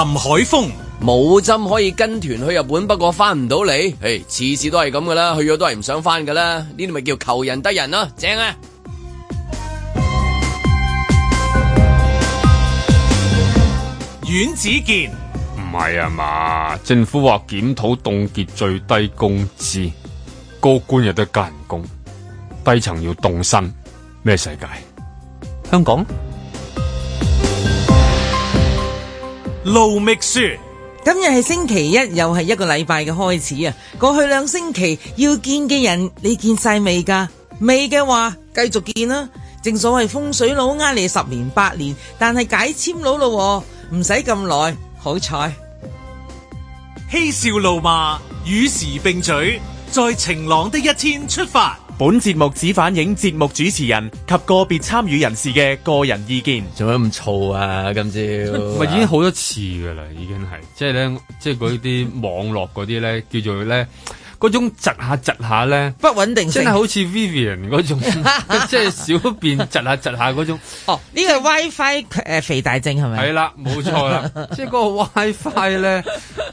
林海峰，冇針可以跟團去日本，不過翻唔到嚟。唉，次次都係咁噶啦，去咗都係唔想翻噶啦。呢啲咪叫求人得人咯，啊，正啊！阮子健，唔係啊嘛，政府話檢討凍結最低工資，高官又得加人工，工，低層要凍薪。咩世界？香港。盧覓雪，今日係星期一，又係一個禮拜嘅開始啊！過去兩星期要見嘅人，你見晒未噶？未嘅話，繼續見啦！正所謂風水佬呃你十年八年，但係解簽佬咯，唔使咁耐，好彩！嬉笑怒罵，與時並舉，在晴朗的一天出發。本節目只反映節目主持人及個別參與人士嘅個人意見。做咩咁燥啊？今朝唔係已經好多次噶啦，已經係即係咧，即係嗰啲網絡嗰啲咧，叫做咧嗰種窒下窒下咧不穩定性，係好似 Vivian 嗰種，即係小便窒下窒下嗰種。哦，呢個 WiFi 誒肥大症係咪？係啦，冇錯啦，即係個 WiFi 咧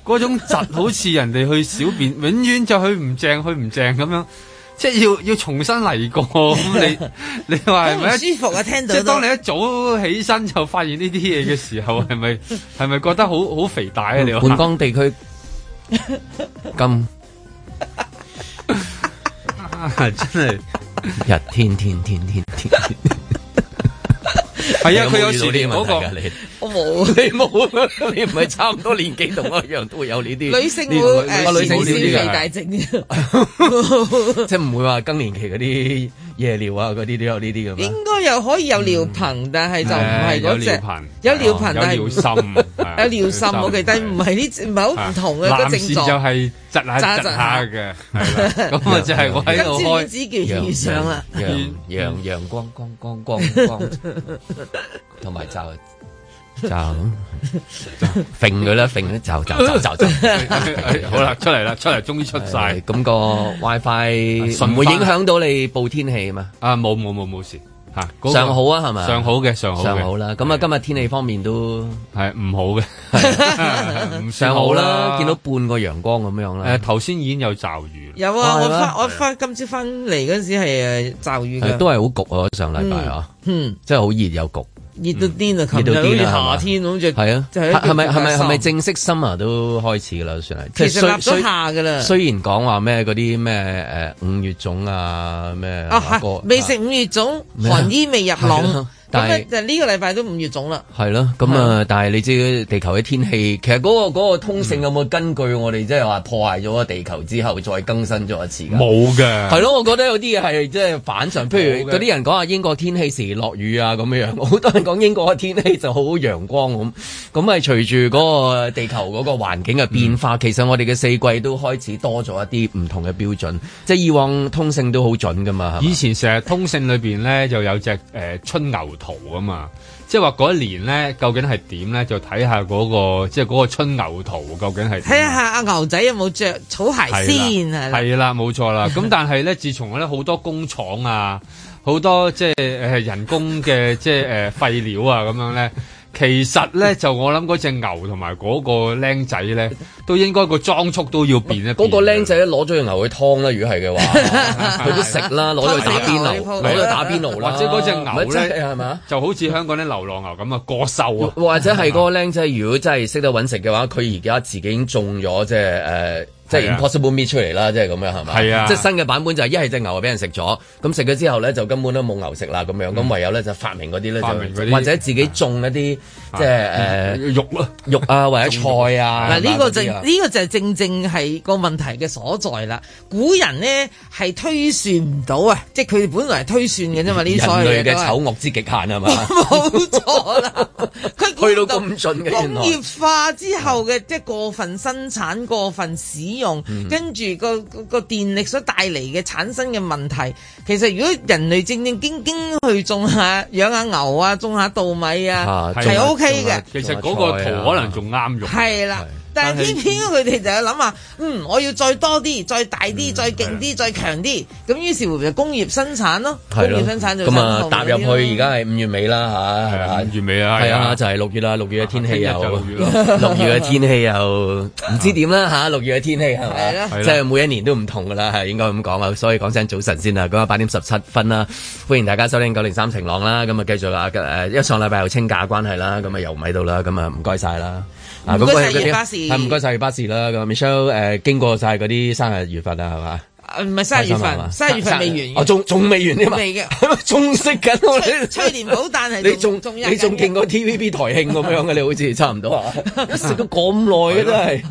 嗰種窒，好似人哋去小便，永遠就去唔正，去唔正咁樣。即係要要重新嚟過，咁你你話係咪舒服啊？聽到當你一早起身就發現呢啲嘢嘅時候，係咪係咪覺得好好肥大啊？你話本江地區咁，真係 日天天天天天，天。 係啊，佢有遇到呢啲問題，那個，你我冇， 你冇，你唔係差唔多年紀同我一樣 都會有呢啲女性會，我、呃、女性是未大整， 即係唔會話更年期嗰啲。夜尿啊，嗰啲都有呢啲咁。應該又可以有尿頻，但係就唔係嗰隻。有尿頻，有尿心，有尿心。冇，其實唔係啲唔係好唔同嘅。症狀就係窒下窒下嘅，咁啊就係我喺度開陽子，上啦，陽陽陽光光光光光，同埋就。就咁揈佢啦，揈咧就就就就就，好啦，出嚟啦，出嚟，終於出晒咁、 嗯那個 WiFi，會影響到你報天氣嘛？啊，冇冇冇冇事吓，上好啊，係咪？上好嘅，上好。上好啦，咁啊，的今日天氣方面都係唔好嘅，唔算好啦，見到半個陽光咁樣啦。誒、啊，頭先已經有驟雨，有啊，哦、我我翻今朝翻嚟嗰時係驟雨嘅，都係好焗啊，上禮拜啊，嗯， 真係好熱有焗。熱到癲啊！琴日好似夏天，好似係啊，係咪係咪係咪正式 summer 都開始啦？算係，其實立咗夏噶啦。雖然講話咩嗰啲咩誒五月粽啊咩，啊歌未食五月粽，麼寒衣未入籠，但係呢個禮拜都五月總啦，係咯，咁啊！的但係你知地球嘅天氣，其實嗰、嗰個嗰個通勝有冇根據我哋即係話破壞咗個地球之後再更新咗一次？冇嘅、嗯，係咯的，我覺得有啲嘢係即係反常，譬如嗰啲人講啊英國天氣時落雨啊咁樣樣，好多人講英國嘅天氣就好陽光咁。咁係隨住嗰個地球嗰個環境嘅變化，嗯、其實我哋嘅四季都開始多咗一啲唔同嘅標準，嗯、即係以往通勝都好準噶嘛。以前成日通勝裏邊咧就有隻誒、呃、春牛。圖啊嘛，即係話嗰一年咧，究竟係點咧？就睇下嗰個，即係嗰個春牛圖究竟係睇下阿牛仔有冇着草鞋先啊？係啦，冇錯啦。咁但係咧，自從咧好多工廠啊，好多即係誒人工嘅即係誒廢料啊咁樣咧。 其實咧，就我諗嗰隻牛同埋嗰個僆仔咧，都應該個裝束都要變一變。嗰個僆仔攞咗隻牛去劏啦、啊，如果係嘅話，佢 都食啦，攞咗 去打邊爐，攞咗、啊、去打邊爐啦。或者嗰隻牛咧，就好似香港啲流浪牛咁啊，過瘦、啊、 或者係個僆仔，如果真係識得搵食嘅話，佢而家自己已經種咗即係誒。呃即係 Impossible Meat 出嚟啦，就是是啊、即係咁樣係咪？即係新嘅版本就係一係隻牛就俾人食咗，咁食咗之後咧就根本都冇牛食啦咁樣，咁、嗯、唯有咧就發明嗰啲咧，就或者自己種一啲。即係誒、嗯、肉啊肉啊，或者菜啊。嗱、 嗯，呢、這個就呢、這個就是正正係個問題嘅所在啦。古人咧係推算唔到啊，即係佢哋本來係推算嘅啫嘛。所人類嘅醜惡之極限啊嘛，冇錯 啦。佢推 到咁盡嘅工業化之後嘅即係過分生產，過分使用，跟住個個電力所帶嚟嘅產生嘅問題，其實如果人類正正經經去種下、養下牛啊、種下稻米啊，係、啊、OK。嘅，有其實嗰個圖、啊、可能仲啱用。係啦。但係偏偏佢哋就係諗話，嗯，我要再多啲，再大啲，再勁啲，再強啲。咁於是乎就工業生產咯，工業生產就咁啊，踏入去而家係五月尾啦吓，五月尾啊，係啊，就係六月啦，六月嘅天氣又六月嘅天氣又唔知點啦吓，六月嘅天氣係啊，即係每一年都唔同㗎啦，係應該咁講啊。所以講聲早晨先啦，咁啊八點十七分啦，歡迎大家收聽九零三晴朗啦。咁啊繼續啦，誒，因上禮拜又清假關係啦，咁啊又唔喺度啦，咁啊唔該晒啦。唔該曬月巴士，唔該晒，月巴士啦。咁、啊、Michelle 誒、呃、經過曬嗰啲生日月份啊，係嘛？唔係三月份，三月份未完，仲仲未完啲未嘅，仲識緊，吹吹電寶，但係你仲你仲勁過 TVB 台慶咁樣嘅，你好似差唔多，食咗咁耐嘅真係，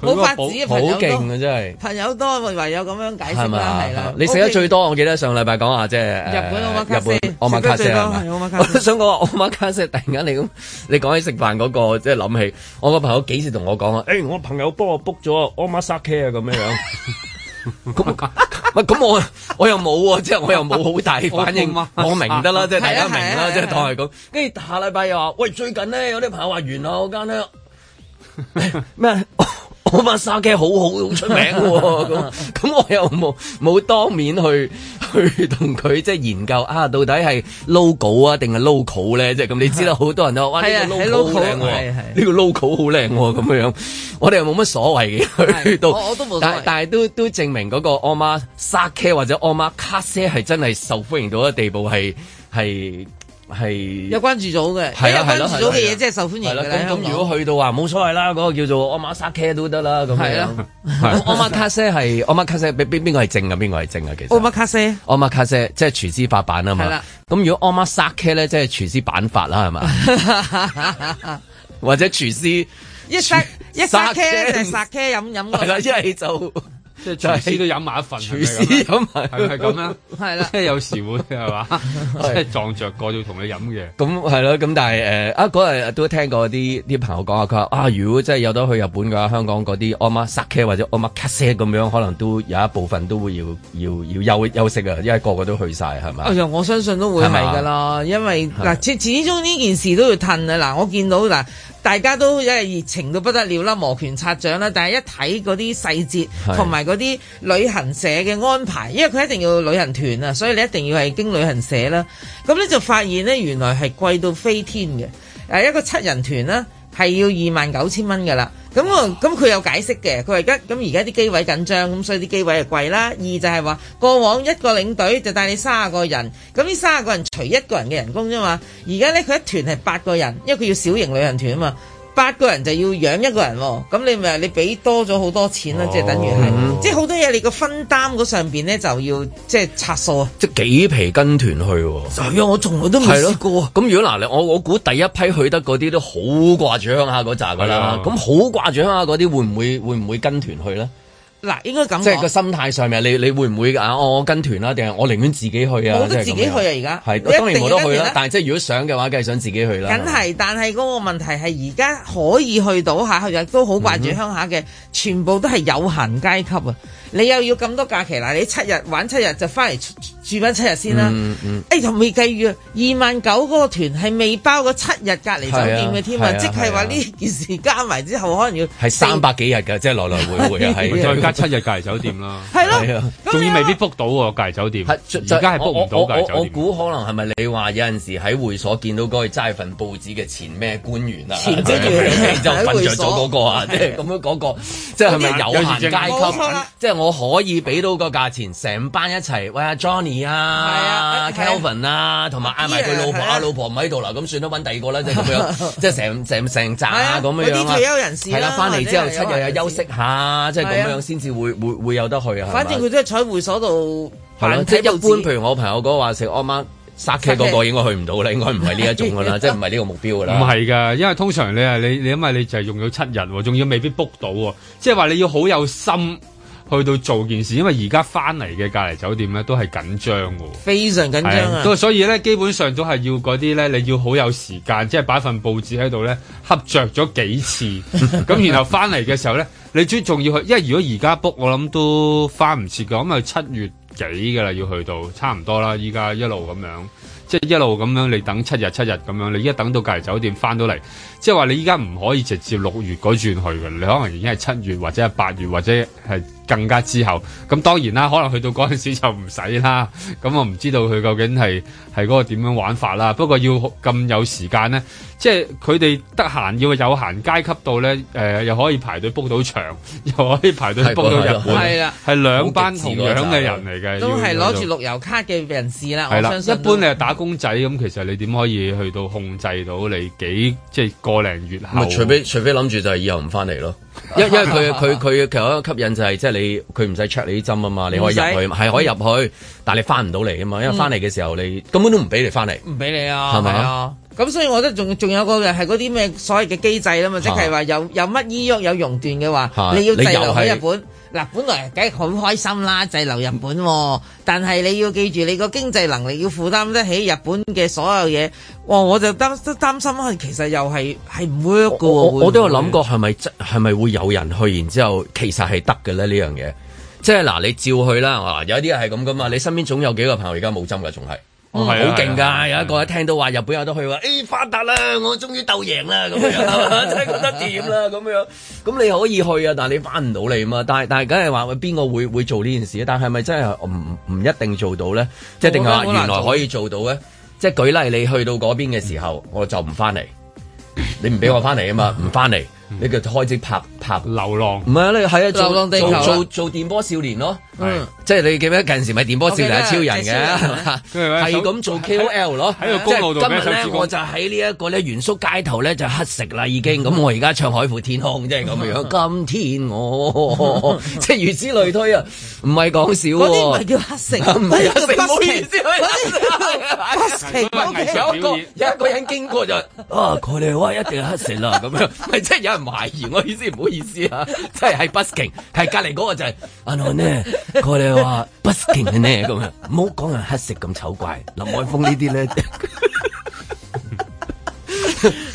冇法子好勁啊真係，朋友多唯有咁樣解釋啦，係啦，你食得最多，我記得上禮拜講下即係日本 oma 卡西係嘛，我想講話 oma 卡西，突然間你咁，你講起食飯嗰個，即係諗起我個朋友幾時同我講啊？誒，我朋友幫我 book 咗 oma 沙卡啊，咁樣樣。咁咁 我我，我又冇啊，即係我又冇好大反應， 我，明啊、 我明得啦，即係大家明啦，即係當係咁。跟住下禮拜又話，喂，最近咧有啲朋友話原來我間咧咩？ 我媽沙車好好好出名嘅，咁咁 我又冇冇當面去去同佢即係研究啊，到底係 logo 啊定係 local 咧？即係咁，你知道好多人都話呢個 logo 好靚，呢個 local 好靚咁樣。我哋又冇乜所謂嘅，去到、 啊、我我 但但係都都，都證明嗰個我媽沙車或者我媽卡車係真係受歡迎到嘅地步，係係。係有關注組嘅，係有關注到嘅嘢，真係受歡迎嘅。咁咁，如果去到話，冇所謂啦，嗰個叫做阿瑪沙茄都得啦。咁樣，阿瑪卡西係阿瑪卡西，邊邊邊個係正啊？邊個係正啊？其實阿瑪卡西，阿瑪卡西即係廚師法版啊嘛。咁如果阿瑪沙茄咧，即係廚師版法啦，係嘛？或者廚師一沙一沙茄就沙茄飲飲個，一係就。即係廚師都飲埋一份，廚師飲埋，係咪咁咧？係啦，即係有時會係嘛，即係撞着過到同你飲嘅。咁係咯，咁但係誒啊嗰日都聽過啲啲朋友講啊，佢話啊，如果真係有得去日本嘅話，香港嗰啲按摩沙車或者按摩卡車咁樣，可能都有一部分都會要要要休休息啊，因為個個都去晒，係咪？我相信都會係㗎啦，因為嗱，始始終呢件事都要褪啊。嗱，我見到嗱。大家都因為熱情到不得了啦，摩拳擦掌啦，但係一睇嗰啲細節同埋嗰啲旅行社嘅安排，是因為佢一定要旅行團啊，所以你一定要係經旅行社啦。咁咧就發現咧，原來係貴到飛天嘅，誒一個七人團啦。.係要二萬九千蚊噶啦，咁啊，咁佢有解釋嘅，佢話而家咁，而家啲機位緊張，咁所以啲機位就貴啦。二就係話過往一個領隊就帶你三十個人，咁呢三十個人除一個人嘅人工啫嘛。而家咧佢一團係八個人，因為佢要小型旅行團啊嘛。八個人就要養一個人喎，咁你咪你俾多咗好多錢咯，oh.，即係等於係，即係好多嘢你個分擔嗰上邊咧就要即係拆數啊！即係幾皮跟團去喎，啊？係啊，我從來都未試過啊，咁如果嗱，我我估第一批去得嗰啲都好掛住鄉下嗰扎㗎啦，咁好的掛住鄉下嗰啲會唔會會唔會跟團去咧？嗱，應該咁講，即係個心態上面，你你會唔會啊？我跟團啦，定係我寧願自己去啊？我都自己去啊！而家係當然我都去啦，但係即係如果想嘅話，梗係想自己去啦。梗係，但係嗰個問題係而家可以去到下，佢又都好掛住鄉下嘅，全部都係有閒階級啊！你又要咁多假期嗱，你七日玩七日就翻嚟住翻七日先啦。嗯嗯。哎，仲未計預二萬九嗰個團係未包過七日隔離酒店嘅添啊！即係話呢件事加埋之後，可能要係三百幾日㗎，即係來來回回啊！七日隔離酒店啦，係咯，仲要未必 book 到喎，隔離酒店。而家係 book 唔到隔離酒店。我估可能係咪你話有陣時喺會所見到嗰個齋份報紙嘅前咩官員啊？前職員就瞓着咗嗰個啊，即係咁樣嗰個，即係係咪有限階級？即係我可以俾到個價錢，成班一齊，喂阿 Johnny 啊，Kelvin 啊，同埋嗌埋佢老婆，啊。老婆唔喺度啦，咁算啦，揾第二個啦，即係咁樣，即係成成成扎咁樣。嗰啲係啦，翻嚟之後七日啊，休息下，即係咁樣先。會會會有得去啊？反正佢都係喺會所度，但係，即係，一般，譬如我朋友嗰個話食 Omakase 嗰個應該， S ake . 應該去唔到啦，應該唔係呢一種啦，即係唔係呢個目標啦。唔係噶，因為通常你啊，你你因為你就係用咗七日，仲要未必 book 到，即係話你要好有心去到做件事，因為而家翻嚟嘅隔離酒店咧都係緊張嘅，非常緊張啊。都所以咧，基本上都係要嗰啲咧，你要好有時間，即係擺份報紙喺度咧，恰着咗幾次，咁 然後翻嚟嘅時候咧。你最重要去，因為如果而家 book，我諗都翻唔切噶，咁啊七月幾噶啦要去到，差唔多啦，依家一路咁樣，即係一路咁樣，你等七日七日咁樣，你一等到隔離酒店翻到嚟，即係話你依家唔可以直接六月嗰轉去噶，你可能已經係七月或者係八月或者係。更加之後，咁當然啦，可能去到嗰陣時就唔使啦。咁我唔知道佢究竟係係嗰個點樣玩法啦。不過要咁有時間呢，即係佢哋得閒要有閒階級到咧，誒、呃、又可以排隊 book 到場，又可以排隊 book 到日本，係啦的，係的兩班同樣嘅人嚟嘅，都係攞住綠油卡嘅人士啦。係啦，一般你係打工仔咁，其實你點可以去到控制到你幾即係個零月後？唔係，除非除非諗住就係以後唔翻嚟咯。因 因為佢佢佢其實一個吸引就係即係你。就是你佢唔使 check 你啲針啊嘛，你可以入去，係用可以入去，嗯、但係你翻唔到嚟啊嘛，因為翻嚟嘅時候你根本都唔俾你翻嚟，唔俾你吧啊，係咪啊？咁所以我都仲仲有個嘅係嗰啲咩所謂嘅機制啦嘛，即係話有有乜咿郁有熔斷嘅話，啊、你要滯留喺日本嗱，本來梗係好開心啦，滯留日本，但係你要記住你個經濟能力要負擔得起日本嘅所有嘢。哇！我就擔擔心係其實又係，係唔 work 嘅，我都有諗過係咪真係咪會有人去，然之之後其實係得嘅咧，呢樣嘢。即係嗱，你照去啦嚇、啊，有一啲係咁噶嘛。你身邊總有幾個朋友而家冇針嘅，仲係。唔係好勁噶，有一個一聽到話日本有得去，話誒、啊哎、發達啦，我終於鬥贏啦咁樣，真係覺得掂啦咁樣。咁你可以去啊，但係你翻唔到嚟嘛。但係但係梗係話邊個會會做呢件事？但係咪真係唔唔一定做到咧？即係定係話原來可以做到咧？即係舉例，你去到嗰邊嘅時候，我就唔翻嚟，你唔俾我翻嚟啊嘛？唔翻嚟，你就開始拍拍流浪，唔係你係啊，啊做當地做做，做，做，做電波少年咯。即係你記唔記得近時咪電波少年啊超人嘅係咁做 K O L 咯，喺係今日咧我就喺呢一個咧原宿街頭咧就乞食啦已經，咁我而家唱海闊天空即係咁樣。今天我即係如此類推啊，唔係講笑喎，嗰啲唔係叫乞食，唔係叫乞食。唔好意思，嗰啲係 busking。有人經過就啊，佢哋話一定乞食啦咁樣，咪即係有人懷疑我意思，唔好意思啊，即係喺 busking，係隔籬嗰個就阿諾呢。佢哋話不停嘅呢咁樣，唔好講人乞食咁醜怪。林海峰呢啲咧，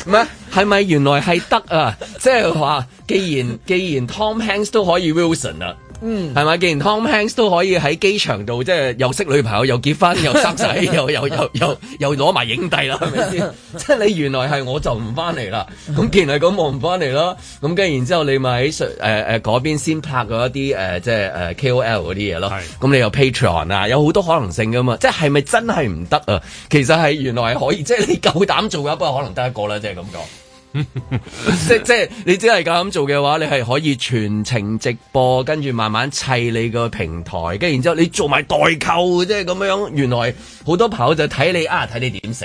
咩係咪原來係得啊？即係話，既然既然 Tom Hanks 都可以 Wilson 啊。嗯，係咪？既然 Tom Hanks 都可以喺機場度，即係又識女朋友，又結婚，又生仔， 又又又又又攞埋影帝啦，係咪先？ 即係你原來係我就唔翻嚟啦，咁 既然係咁我唔翻嚟啦，咁跟然之後你咪喺誒誒嗰邊先拍咗一啲誒、呃、即係誒、呃、K O L 嗰啲嘢咯，咁是你又 Patreon 啊，有好多可能性噶嘛？即係係咪真係唔得啊？其實係原來係可以，即係你夠膽做嘅，不過可能得一個啦，即係咁講。 即即係你只係咁做嘅話，你係可以全程直播，跟住慢慢砌你個平台，跟然之後你做埋代購即係咁樣。原來好多朋友就睇你啊，睇你點死。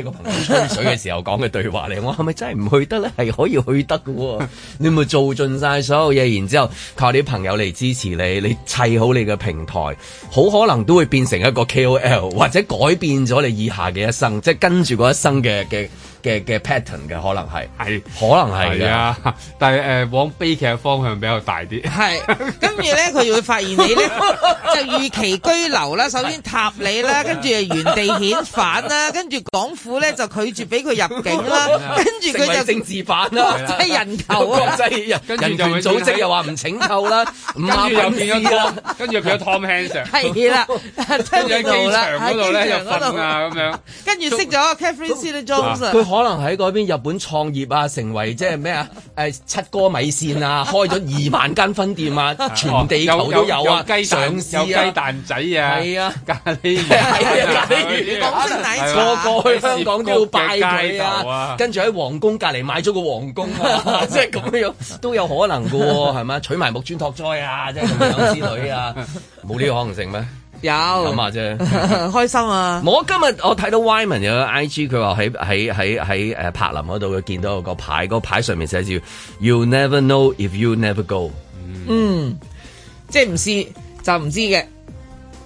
呢 個朋友吹水嘅時候講嘅對話嚟，我係咪真係唔去得咧？係可以去得嘅，啊，你會做盡晒所有嘢，然之後靠你啲朋友嚟支持你，你砌好你嘅平台，好可能都會變成一個 KOL，或者改變咗你以下嘅一生，即係跟住嗰一生嘅嘅嘅 pattern 嘅可能係係、哎、可能係啊，但係誒、呃、往悲劇嘅方向比較大啲，係 跟住咧佢會發現你 就預期居留啦，首先塔你啦，跟住原地遣返啦，跟住講。咧就拒絕俾佢入境啦，跟住佢就政治犯啦，即係人頭啊，即係人，人權組織又話唔請購啦，跟住又變咗，跟住佢阿 Tom Hanks 係啦，聽到啦，喺機場嗰度咧，入瞓啊咁樣，跟住識咗 Catherine Zeta-Jones，佢可能喺嗰邊日本創業啊，成為即係咩啊？誒七哥米線啊，開咗二萬間分店啊，全地球都有啊，雞腸有雞蛋仔啊，係啊，咖喱魚，咖喱魚，錯過去啦。講叫拜祭啊，跟住喺皇宮隔籬買咗個皇宮，啊，即係咁樣都有可能噶喎，係咪？娶埋木村拓哉啊，即係咁樣之類啊，冇呢個可能性咩？有咁啊，啫 開心啊！我今日我睇到 Wyman 有個 IG，佢話喺喺喺喺誒柏林嗰度，佢見到有個牌，個牌上面寫住 You never know if you never go，嗯，嗯，即係唔試就唔知嘅，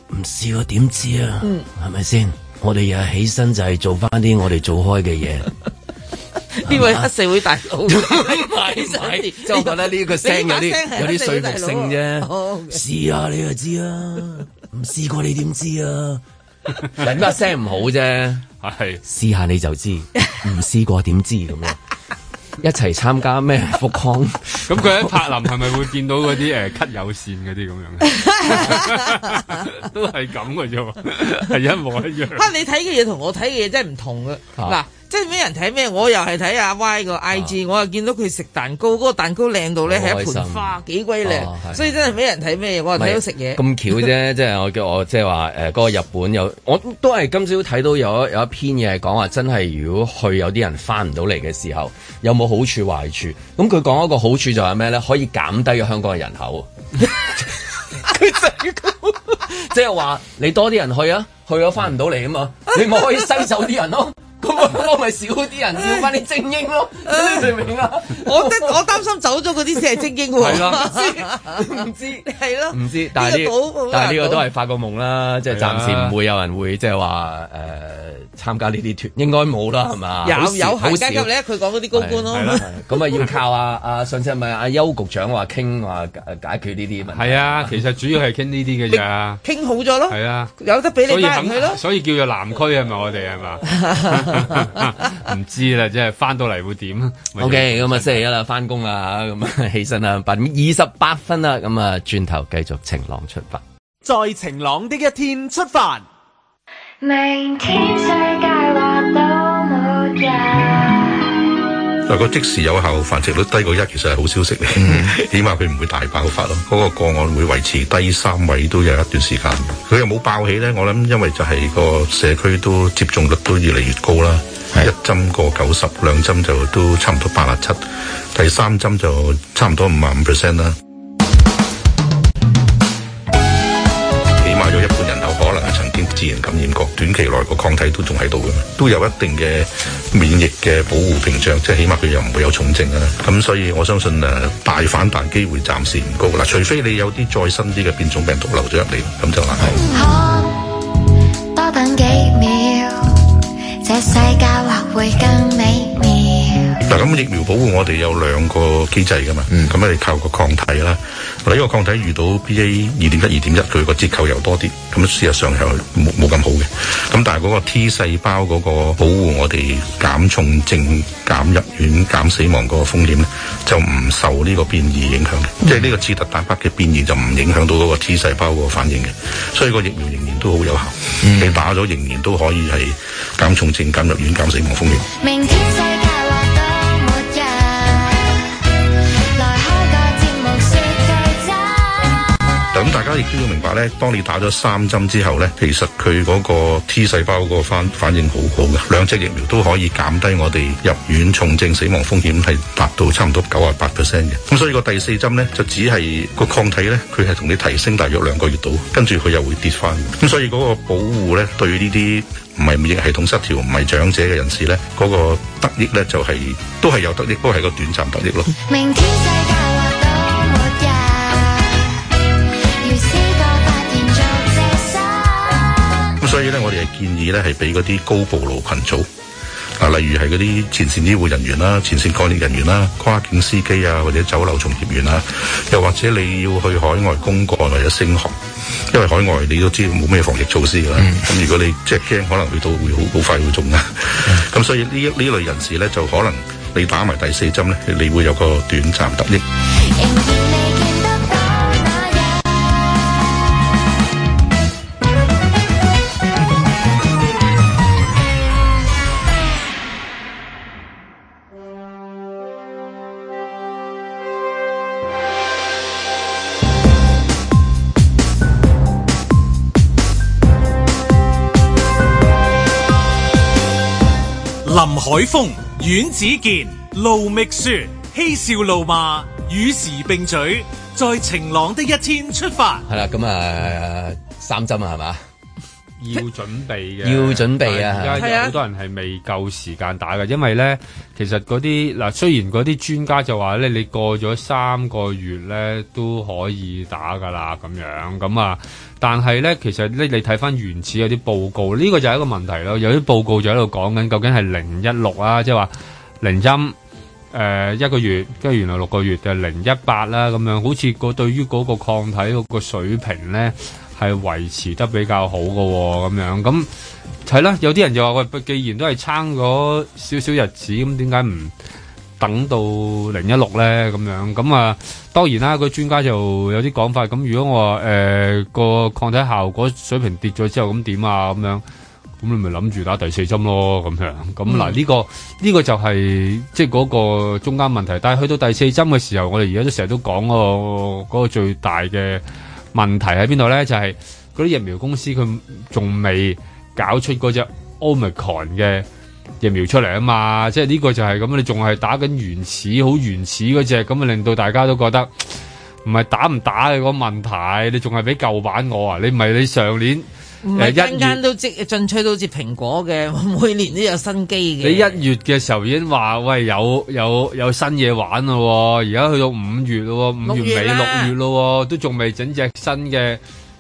唔試我點知啊？嗯，係咪先？我哋又起身就係做翻啲我哋做開嘅嘢，呢位黑社會大佬，就 覺得呢個聲有啲有啲說服性啫。試下你又知啊？唔試過你點知啊？人把聲唔好啫，係試下你就知，唔試 過點知咁樣。一齊參加咩福康？咁佢喺柏林係咪會見到嗰啲誒咳有線嗰啲咁樣 都係咁嘅啫，係 一模一樣。嚇！你睇嘅嘢同我睇嘅嘢真係唔同嘅。嗱、啊。 即係俾人睇咩，我又係睇阿 Y 個 IG，、啊、我又見到佢食蛋糕，嗰、那個蛋糕靚到咧，係一盆花，幾鬼靚，哦、所以真係俾人睇咩，我睇到食嘢。咁巧啫， 即係我叫我即係話誒，嗰、呃那個日本有，我都係今朝睇到有有一篇嘢係講話，真係如果去有啲人翻唔到嚟嘅時候，有冇好處壞處？咁佢講一個好處就係咩咧？可以減低咗香港嘅人口。佢就即係話你多啲人去啊，去咗翻唔到嚟啊嘛，你咪可以收手啲人咯。 咁咪 少啲人，要翻啲精英咯，明 擔咯 啊？我擔我擔心走咗嗰啲先係精英喎。係啦，唔知，係咯，唔知。但係呢，但係呢個都係發個夢啦，即係暫時唔會有人會即係話誒參加呢啲團，應該冇啦，係嘛？ 有有好少。你咧、啊，佢講嗰啲高官咯，咁啊要靠阿、啊、阿、啊、上次咪阿邱局長話傾話解決呢啲問題。係啊，其實主要係傾呢啲嘅咋。傾 好咗咯，係啊，有得俾你帶咯 所，所以叫做南區係咪？我哋係嘛？唔、 啊啊、知啦，即係翻到嚟會點？OK，咁啊、嗯、星期一啦，翻工啦咁啊起身啦，八點二十八分啦，咁啊轉頭繼續晴朗出發，在晴朗的一天出發。明天世界如果即時有效繁殖率低過一，其實係好消息嚟，mm hmm. 起碼佢唔會大爆發咯。嗰個個案會維持低三位都有一段時間，佢又冇爆起咧。我諗因為就係個社區都接種率都越嚟越高啦，mm hmm. 一針過九十，兩針就都差唔多八十七，第三針就差唔多五十五 percent 啦， 起碼有一半。自然感染過，短期內個抗體都仲喺度嘅，都有一定嘅免疫嘅保護屏障，即係起碼佢又唔會有重症啦。咁所以我相信誒，大反彈機會暫時唔高啦，除非你有啲再新啲嘅變種病毒流咗入嚟，咁就難。咁疫苗保護我哋有兩個機制噶嘛，咁咪靠個抗體啦，嗱呢個抗體遇到 BA 二點一二點一，佢個結構又多啲，咁事實上係冇冇咁好嘅。咁但係嗰個 T 細胞嗰個保護我哋減重症、減入院、減死亡嗰個風險咧，就唔受呢個變異影響嘅。即係呢個刺突蛋白嘅變異就唔影響到嗰個 T 細胞個反應嘅，所以個疫苗仍然都好有效，你打咗仍然都可以係減重症、減入院、減死亡風險。大家亦都要明白咧，當你打咗三針之後咧，其實佢嗰個 T 細胞嗰個反應好好嘅，兩隻疫苗都可以減低我哋入院重症死亡風險，係達到差唔多九啊八 percent 嘅。咁所以個第四針咧就只係個抗體咧，佢係同你提升大約兩個月度，跟住佢又會跌翻。咁所以嗰個保護咧對呢啲唔係免疫系統失調唔係長者嘅人士咧，嗰、那個得益咧就係、是、都係有得益，不過係個短暫得益咯。明天世界建議咧係俾嗰啲高暴露群組，嗱，例如係嗰啲前線醫護人員啦、前線抗疫人員啦、跨境司機啊，或者酒樓從業員啦，又或者你要去海外公幹或者升學，因為海外你都知冇咩防疫措施㗎，咁如果你即係驚可能會到好好快會中啦，咁所以呢一呢類人士咧就可能你打埋第四針咧，你會有個短暫得益。林海峰、阮子健、盧覓雪，嬉笑怒罵，與時並舉，在晴朗的一天出發。係啦，咁 啊，三針啊，係嘛。要準備嘅，要準備啊！而家有好多人係未夠時間打㗎，的因為咧，其實嗰啲嗱，雖然嗰啲專家就話咧，你過咗三個月咧都可以打㗎啦，咁樣咁啊，但係咧，其實咧，你睇翻原始嗰啲報告，呢、呢個就係一個問題咯。有啲報告就喺度講緊，究竟係零一六啊，即係話零針誒一、呃、個月，跟住原來六個月就係零一八啦，咁樣好似嗰對於嗰個抗體嗰個水平咧。係維持得比較好嘅喎、哦，咁樣咁係、嗯嗯、啦。有啲人就話：喂，既然都係撐咗少少日子，咁點解唔等到零一六咧？咁樣咁啊、嗯，當然啦。個專家就有啲講法。咁、嗯、如果我話誒、呃、個抗體效果水平跌咗之後，咁點啊？咁樣咁、嗯、你咪諗住打第四針咯？咁樣咁嗱，呢、嗯嗯啊這個呢、這個就係即係嗰個中間問題。但係去到第四針嘅時候，我哋而家都成日都講個嗰個最大嘅。問題喺邊度咧？就係嗰啲疫苗公司佢仲未搞出嗰隻 Omicron 嘅疫苗出嚟啊嘛！即係呢個就係咁，你仲係打緊原始、好原始嗰隻，咁啊令到大家都覺得唔係打唔打嘅、嗰個問題，你仲係俾舊版我啊！你唔係你上年。唔係，間都即進出到好似蘋果嘅，每年都有新機嘅。你一月嘅時候已經話喂有有有新嘢玩啦，哦，而家去到五月咯，五月尾六月咯，哦，都仲未整隻新嘅，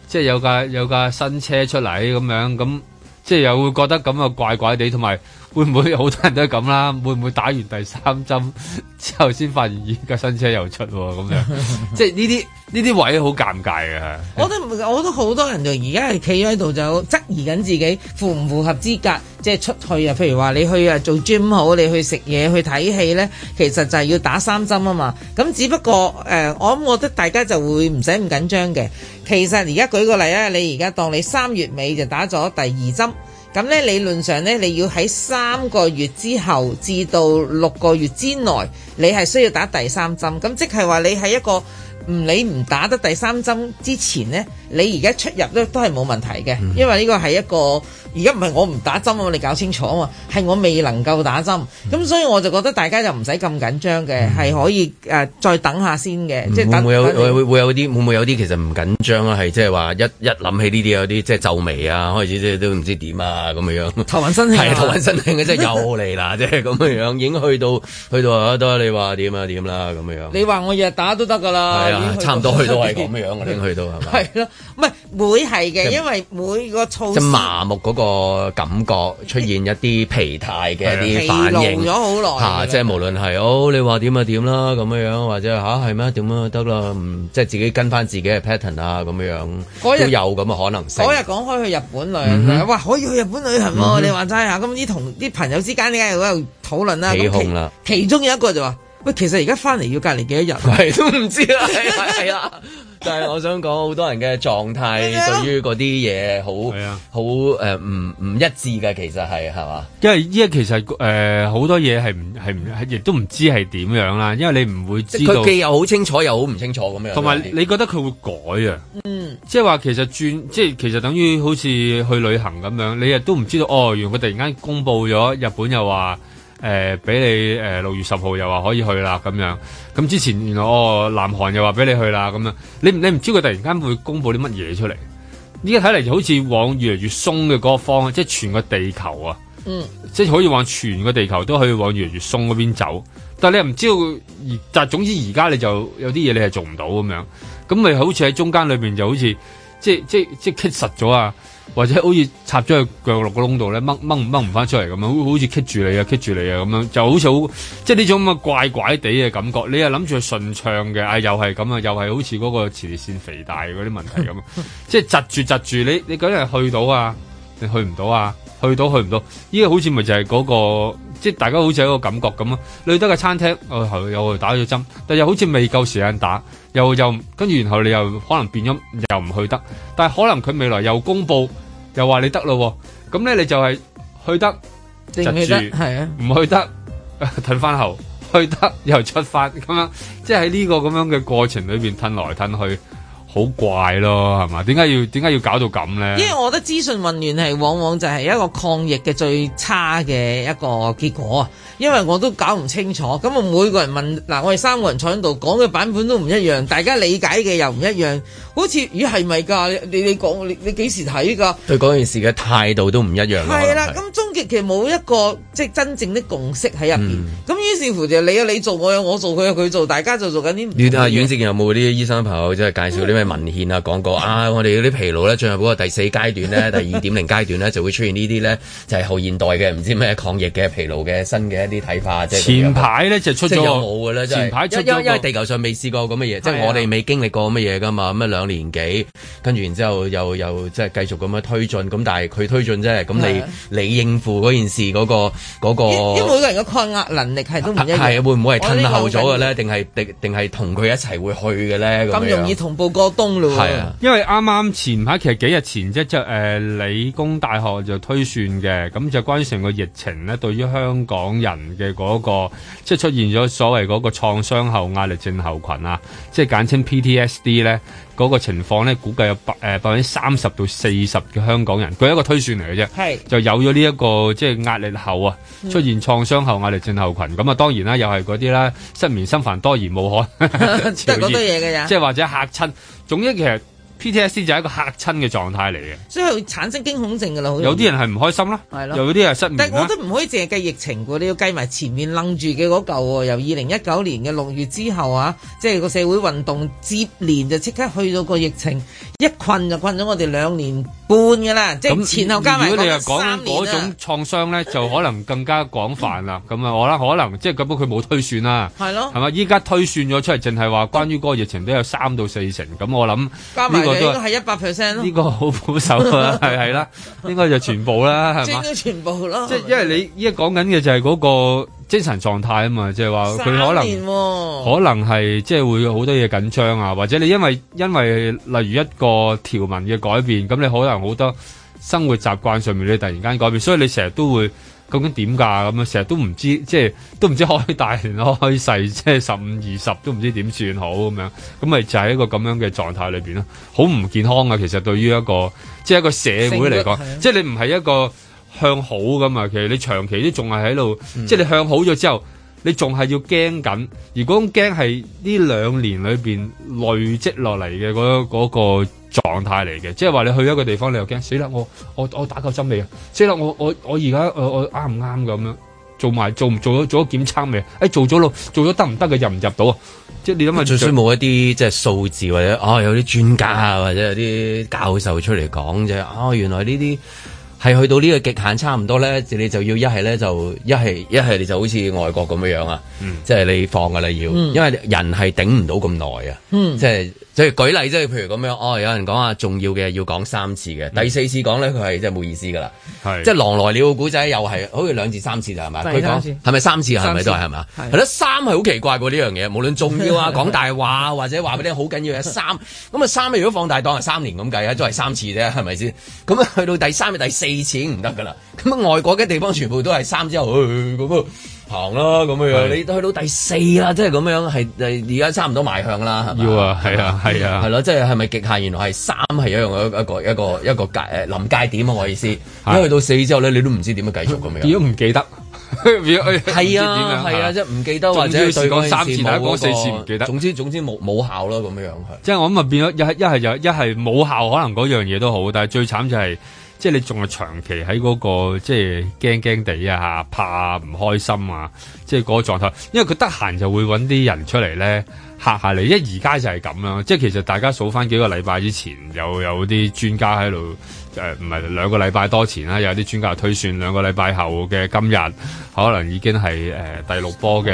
即係有架有架新車出嚟咁樣，咁即係又會覺得咁啊怪怪地，同埋。會唔會好多人都係咁啦？會唔會打完第三針之後先發現而家新車又出咁、啊、樣？即係呢啲呢啲位好尷尬㗎。我都我都好多人就而家係企喺度就質疑緊自己符唔符合資格即係出去啊？譬如話你去啊做 gym 好，你去食嘢去睇戲呢，其實就係要打三針啊嘛。咁只不過誒、呃，我諗我覺得大家就會唔使咁緊張嘅。其實而家舉個例啊，你而家當你三月尾就打咗第二針。咁咧，理論上咧，你要喺三個月之後至到六個月之內，你係需要打第三針。咁即係話你喺一個唔理唔打得第三針之前咧，你而家出入咧都係冇問題嘅，因為呢個係一個。而家唔係我唔打針，你搞清楚啊嘛，係我未能夠打針，咁所以我就覺得大家就唔使咁緊張嘅，係可以誒再等下先嘅。即係會唔會有會會有啲會唔會有啲其實唔緊張啊？係即係話一一諗起呢啲有啲即係皺眉啊，開始即係都唔知點啊咁樣樣。頭暈身㷫，係頭暈身㷫，即係又嚟啦，即係咁樣樣，已經去到去到啊都你話點啊點啦咁樣。你話我日日打都得㗎啦，係啊，差唔多去到係咁樣樣嘅，我已經去到係咪？係咯，唔係會係嘅，因為每個操就麻木嗰個。個感覺出現一啲疲態嘅一啲反應，咗好耐吓，啊、的即係無論係好，你話點就點啦，咁樣樣或者吓係咩點樣得啦， 即係自己跟翻自己嘅 pattern 啊，咁樣樣都有咁嘅可能性。嗰日講開去日本旅行，嗯、哼哇，可以去日本旅行喎！嗯、哼你話齋吓，咁啲同啲朋友之間點解又喺度討論咧？起哄啦！其中有一個就話。喂，其實而家翻嚟要隔離幾多日，係 都唔知啦，係啦、啊 啊。但係我想講，好多人嘅狀態對於嗰啲嘢好，好誒唔唔一致嘅，其實係係嘛？因為依家其實誒好多嘢係唔係唔亦都唔知係點樣啦。因為你唔會知道，佢既又好清楚又好唔清楚咁樣。同埋有是你覺得佢會改啊？嗯，即係話其實轉，即係其實等於好似去旅行咁樣，你亦都唔知道。哦，原來佢突然間公布咗，日本又話，誒俾，呃，你誒六，呃，月十號又話可以去啦咁樣，咁之前哦南韓又話俾你去啦咁樣，你你唔知佢突然間會公布啲乜嘢出嚟？依家睇嚟就好似往越嚟越鬆嘅嗰個方向，即係全個地球啊，嗯、即係可以往全個地球都可以往越嚟越鬆嗰邊走，但係你又唔知道而，但係總之而家你就有啲嘢你係做唔到咁樣，咁咪好似喺中間裏邊就好似即係即係即係棘實咗啊！或者好似插咗去腳落個窿度咧，掹掹唔掹唔翻出嚟咁啊，好好似棘住你啊，棘住你啊咁樣，就好似好即係呢種咁嘅怪怪地嘅感覺。你又諗住去順暢嘅，啊又係咁啊，又係好似嗰個前列腺肥大嗰啲問題咁， 即係窒住窒住你，你嗰日去到啊，你去唔到啊？去到去唔到，依個好似咪就係嗰個，即係大家好似有個感覺咁咯。去得個餐廳，誒，又去打咗針，但係又好似未夠時間打，又又跟住然後你又可能變咗，又唔去得。但係可能佢未來又公布，又話你得咯，咁咧你就係去得住，係啊，唔去得，褪翻後去得又出發咁樣，即係喺呢個咁樣嘅過程裏邊，褪來褪去。好怪咯，係嘛？點解要點解要搞到咁呢？因為我覺得資訊混亂係往往就係一個抗疫嘅最差嘅一個結果。因為我都搞唔清楚，咁啊每個人問嗱，我哋三個人坐喺度講嘅版本都唔一樣，大家理解嘅又唔一樣。好似咦係咪㗎？你你你講你你幾時睇㗎？對嗰件事嘅態度都唔一樣啦。係啦，咁、啊嗯、終極其實冇一個即係真正的共識喺入邊。咁、嗯、於是乎就你有你做，我有我做，佢有佢做，大家就做緊啲唔同。遠啊，遠志健有冇啲醫生朋友即係介紹啲咩文獻啊？講、嗯、過啊，我哋嗰啲疲勞呢進入嗰個第四階段呢，第二點零階段呢，就會出現呢啲呢，就係、是、後現代嘅唔知咩抗疫嘅疲勞嘅新嘅一啲睇法。前排呢，就出咗，冇前排出咗、那個。因為地球上未試過咁嘅嘢， 即係我哋未經歷過咁嘅嘢㗎嘛。 年紀跟住，然之後又又即係繼續咁樣推進咁，但係佢推進啫。咁你的你，你應付嗰件事嗰個嗰個，那個、因為每個人嘅抗壓能力係都唔係、啊、會唔會係吞後咗嘅咧？定係定定係同佢一齊會去嘅咧？咁容易同步過東路。係啊的。的因為啱啱前排其實幾日前，即係誒理工大學就推算嘅，咁就關於成個疫情咧，對於香港人嘅嗰、那個即係、就是、出現咗所謂嗰個創傷後壓力症候群啊，即、就、係、是、簡稱 P T S D 咧。嗰個情況咧，估計有百誒百分之三十到四十嘅香港人，佢係一個推算嚟嘅啫，是就有咗呢一個即係壓力後啊，出現創傷後壓力症候群。咁啊、嗯，當然啦，又係嗰啲啦，失眠，心煩多而無可，得嗰多嘢嘅咋， 即係或者嚇親，總之其實。PTSD 就係一個吓親嘅狀態嚟嘅，所以佢會產生驚恐症㗎喇。有啲人係唔開心啦，的有啲人失眠。但我都唔可以淨係計疫情，你要計埋前面愣住嘅嗰嚿。由二零一九年嘅六月之後啊，即係個社會運動接連就即刻去到個疫情，一困就困咗我哋兩年半噶啦，即係前後加埋，如果你講嗰種創傷咧， 就可能更加廣泛啦。咁啊， 我咧可能即係咁，佢冇推算啦。係咯的，係嘛？依家推算咗出嚟，淨係話關於嗰個疫情都有三到四成。咁我諗加埋。應該係一百 percent 咯，呢個好保守啊，係係啦，應該就全部啦，係咪？即係全部咯。即係因為你依家講緊嘅就係嗰個精神狀態啊嘛，即係話佢可能可能係即係會好多嘢緊張啊，或者你因為因為例如一個條文嘅改變，咁你可能好多生活習慣上面你突然間改變，所以你成日都會。究竟點㗎咁樣？成日都唔知，即係都唔知開大定開細，即係十五二十都唔知點算好咁樣。咁咪就係一個咁樣嘅狀態裏邊咯，好唔健康啊！其實對於一個即係一個社會嚟講，ing 即係你唔係一個向好咁啊。其實你長期都仲係喺度，mm. 即係你向好咗之後，你仲係要驚緊。如果驚係呢兩年裏邊累積落嚟嘅嗰嗰個。那個狀態嚟嘅，即係話你去一個地方，你又驚死啦！我我我打個針未啊？死啦！我我我而家我我啱唔啱噶咁樣做埋做唔做咗做咗檢測未？誒，做咗咯，做咗得唔得嘅入唔入到啊？即係你諗下，最衰冇一啲即係數字或者哦，有啲專家啊或者有啲教授出嚟講啫。哦，原來呢啲係去到呢個極限差唔多咧，你就要一係咧就一係一係你就好似外國咁樣樣啊，即係、嗯、你放噶啦要，嗯、因為人係頂唔到咁耐啊，即係。就舉例啫，譬如咁樣，哦，有人講啊，重要嘅要講三次嘅，第四次講咧，佢係真係冇意思噶啦，係是，即狼來了古仔又係好似兩至三次就係咪？佢講係咪三次？係咪說次都係係嘛？係咯次吧，三係好奇怪喎呢樣嘢，無論重要啊、 講大話或者話俾你好緊要嘅、啊、三，咁啊 三，如果放大檔係三年咁計啊，都係三次啫，係咪先？咁啊去到第三日，第四次唔得噶啦，咁啊外國嘅地方全部都係三之後，哎行咯，咁嘅樣，你去到第四啦，即係咁樣，係而家差唔多賣向啦，係咪？要啊，係啊，係啊，係咯，即係係咪極限？原來係三係一樣嘅一個一個一個界，誒臨界點啊！我意思，因為去到四之後咧，你都唔知點樣繼續咁樣。如果唔記得，係啊，係啊，即係唔記得或者講三次，講四次唔記得。總之，總之冇冇效咯，咁樣樣，即係我諗咪變咗一一係就一係冇效，可能嗰樣嘢都好，但係最慘就係。即係你仲係長期喺嗰個即係驚驚地啊嚇，怕唔開心啊！即係嗰個狀態，因為佢得閒就會揾啲人出嚟咧嚇下你。因為而家就係咁啦，即係其實大家數翻幾個禮拜之前，有有啲專家喺度誒，唔係兩個禮拜多前啦，有啲專家推算兩個禮拜後嘅今日。可能已經係誒第六波嘅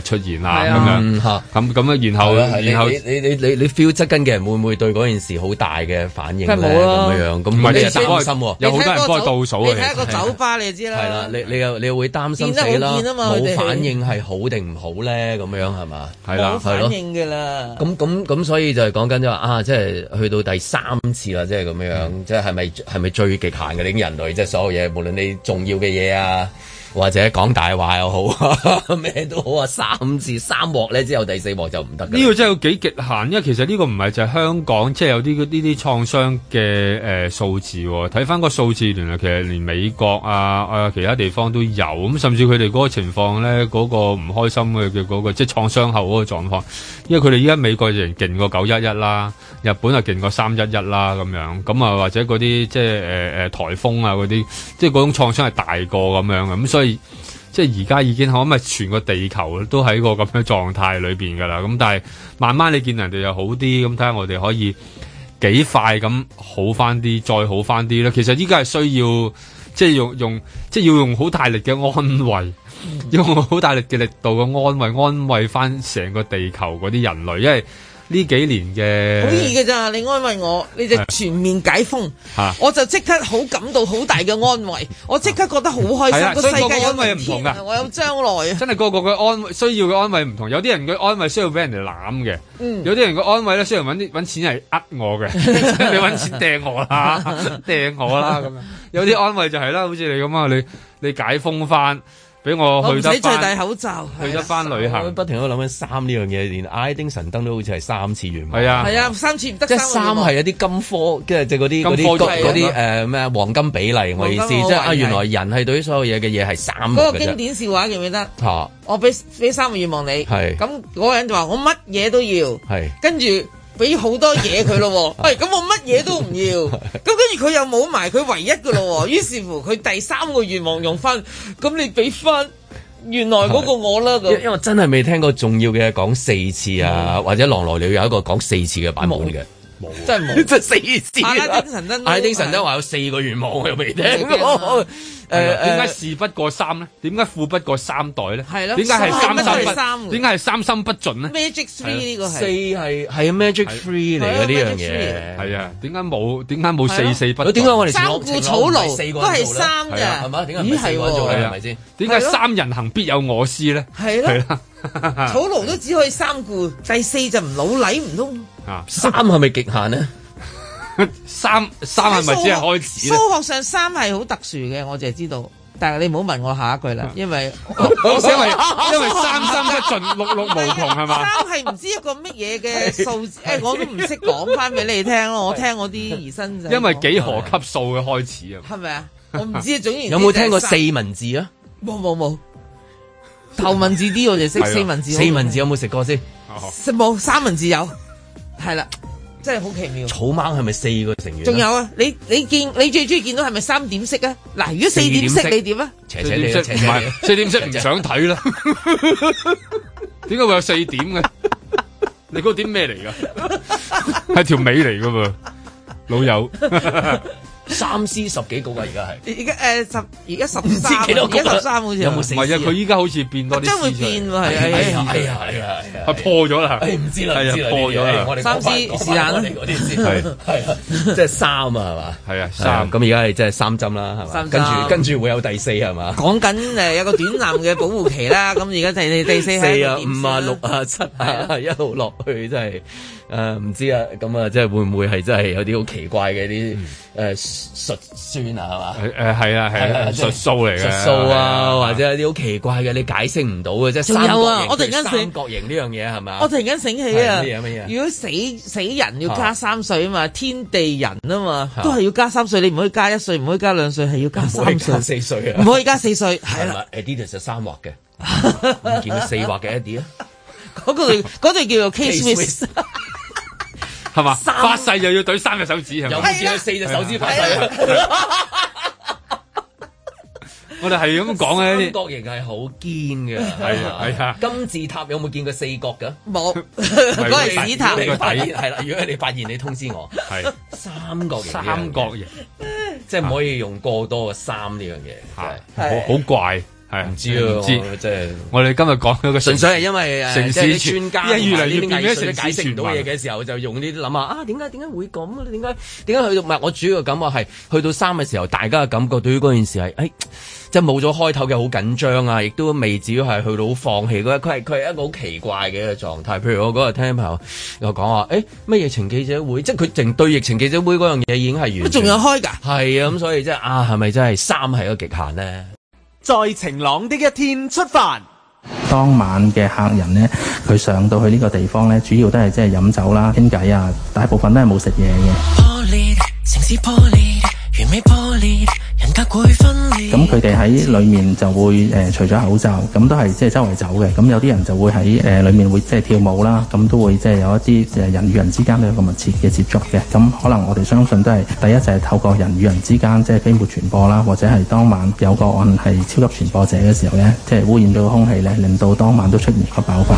誒出現啦，咁樣咁咁咧，然後咧，然後你你你你 feel 側根嘅人會唔會對嗰件事好大嘅反應咁樣咁唔係你係擔心喎，有好多人幫倒數嘅，你睇個酒吧你知啦。係啦，你你又你會擔心死啦。冇反應係好定唔好咧？咁樣係嘛？係啦，冇反應㗎啦。咁咁咁，所以就係講緊即係啊，即係去到第三次啦，即係咁樣樣，即係係咪係咪最極限嘅啲人類，即係所有嘢，無論你重要嘅嘢啊。或者講大話又好啊，咩都好啊，三字三幕咧，之後第四幕就唔得。呢個真係有幾極限，因為其實呢個唔係就係香港，即、就、係、是、有啲呢啲創傷嘅誒數字。睇、哦、翻個數字，原來其實連美國啊啊、呃、其他地方都有。咁甚至佢哋嗰個情況咧，嗰、嗰個唔開心嘅叫嗰即係創傷後嗰個狀況。因為佢哋依家美國就勁過九一一啦，日本啊勁過三一一啦咁樣。咁啊或者嗰啲即係誒誒颱風啊嗰啲，即係嗰種創傷係大過咁樣嘅。咁所以。即係，而家已經可咪全個地球都喺個咁嘅狀態裏邊噶啦。咁但係慢慢你見人哋又好啲，咁睇下我哋可以幾快咁好翻啲，再好翻啲咧。其實依家係需要，即係用用，即係要用好大力嘅安慰，用好大力嘅力度嘅安慰，安慰翻成個地球嗰啲人類，因為。呢幾年嘅，好易嘅咋？你安慰我，你就全面解封，啊、我就即刻好感到好大嘅安慰，我即刻覺得好開心。係啊，個世界所安慰唔同噶，我有將來啊！真係個個嘅安慰需要嘅安慰唔同，有啲人嘅安慰需要俾人哋攬嘅，嗯、有啲人嘅安慰咧需要揾啲錢嚟呃我嘅， 你揾錢掟我啦，掟我啦咁樣。 有啲安慰就係、是、啦，好似你咁啊，你你,你解封翻。俾我去口罩，去一班旅行。不停都度諗緊三呢樣嘢，連艾丁神燈都好似係三次元。望。係啊，係啊，三次唔得。即係三係一啲金科，即係即係嗰啲嗰啲嗰啲誒咩黃金比例，我意思即係啊，原來人係對所有嘢嘅嘢係三。嗰個經典笑話記唔記得？我俾俾三個願望你，係咁嗰個人就話我乜嘢都要，係跟住。俾好多嘢佢咯喎，係咁我乜嘢都唔要，咁跟住佢又冇埋佢唯一㗎咯喎，於是乎佢第三個願望用翻，咁你俾翻原來嗰個我啦。因因為真係未聽過重要嘅講四次啊，或者狼來了有一個講四次嘅版本嘅，真係真係四次。艾丁神燈，艾丁神燈話有四個願望，我又未聽。誒，點解事不過三咧？點解富不過三代咧？係咯，點解係三三？點解係三心不盡咧？Magic three 呢個係四係係 magic three 嚟嘅呢樣嘢，係啊？點解冇？點解冇四四不？點解我哋三顧草廬都係三嘅？係嘛？點解四？係咪先？點解三人行必有我師咧？係咯，草廬都只可以三顧，第四就唔老禮唔通吓，三係咪極限咧？三三係咪只係開始？數學上三係好特殊嘅，我淨係知道。但係你唔好問我下一句啦，因為因為三三不盡，六六無窮係嘛？三係唔知一個乜嘢嘅數字，我都唔識講翻俾你聽咯。我聽我啲兒孫仔。因為幾何級數嘅開始啊？係咪啊？我唔知，總之有冇聽過四文字啊？冇冇冇。頭文字 D。我就識四文字，四文字有冇食過先？食冇三文字有，係啦。真係好奇妙！草蜢係咪四個成員啊？仲有啊！你你見你最中意見到係咪三點式啊？嗱，如果四點式，點式你點啊？斜斜斜斜斜，唔係四點式唔想睇啦！點解 會有四點嘅？ 你嗰點咩嚟㗎？係 條尾嚟㗎嘛， 老友。 三 C 十幾個啊，而家係，而家誒十，而家十，而家十三好似，有冇死？唔係啊，佢依家好似變多啲，真會變喎，係啊，係啊，係啊，係啊，破咗啦，誒，唔知啦，破咗啦，三 C 試下啦，我哋知，係啊，即係三啊，係嘛，係啊，三，咁而家係即係三針啦，係嘛，跟住跟住會有第四係嘛，講緊誒有個短暫嘅保護期啦，咁而家第第四係，啊五啊六啊七啊一路落去真係。誒唔知啊，咁啊，即係會唔會係真係有啲好奇怪嘅啲誒術數啊，係嘛？誒係啊，係啊，術數嚟嘅術數啊，或者有啲好奇怪嘅，你解釋唔到嘅，即係三角形。我突然間醒，三角形呢樣嘢係嘛？我突然間醒起啊！如果死死人要加三歲啊嘛，天地人啊嘛，都係要加三歲，你唔可以加一歲，唔可以加兩歲，係要加三歲、四歲啊！唔可以加四歲，係啦。Adidas 係三畫嘅，唔見四畫嘅 Adidas。嗰對嗰對叫做 Casey。係嘛？發誓又要懟三隻手指，係咪？有冇四隻手指牌啊？我哋係咁講嘅，三角形係好堅噶。係啊係啊。金字塔有冇見過四角噶？冇。嗰個金字塔你發現係啦？如果你發現，你通知我。係三角形。三角形，即係唔可以用過多嘅三呢樣嘢，係好怪。唔知啊！真係我哋今日講嗰個純粹係因為城市專、呃、家越越，越嚟越啲解釋唔到嘢嘅時候，就用呢啲諗下啊，點解點解會咁？點解點解去到唔係？我主要嘅感覺係去到三嘅時候，大家嘅感覺對於嗰件事係誒、哎，即係冇咗開頭嘅好緊張啊，亦都未至於係去到好放棄佢，係佢係一個好奇怪嘅一個狀態。譬如我嗰個聽朋友又講話誒，乜、哎、嘢疫情記者會，即係佢淨對疫情記者會嗰樣嘢已經係完全，仲有開噶？係、嗯、啊！咁所以即係啊，係咪真係三係一個極限呢？在晴朗的一天出發。當晚嘅客人呢，佢上到去呢個地方呢，主要都係即係飲酒啦、傾偈啊，大部分都係冇食嘢嘅。咁佢哋喺裏面就會誒除咗口罩，咁都係即係周圍走嘅。咁有啲人就會喺誒裏面會即係跳舞啦，咁都會即係有一啲誒人與人之間都有個密切嘅接觸嘅。咁可能我哋相信都係第一就係透過人與人之間即係飛沫傳播啦，或者係當晚有個案係超級傳播者嘅時候呢，即係污染到個空氣呢，令到當晚都出現個爆發。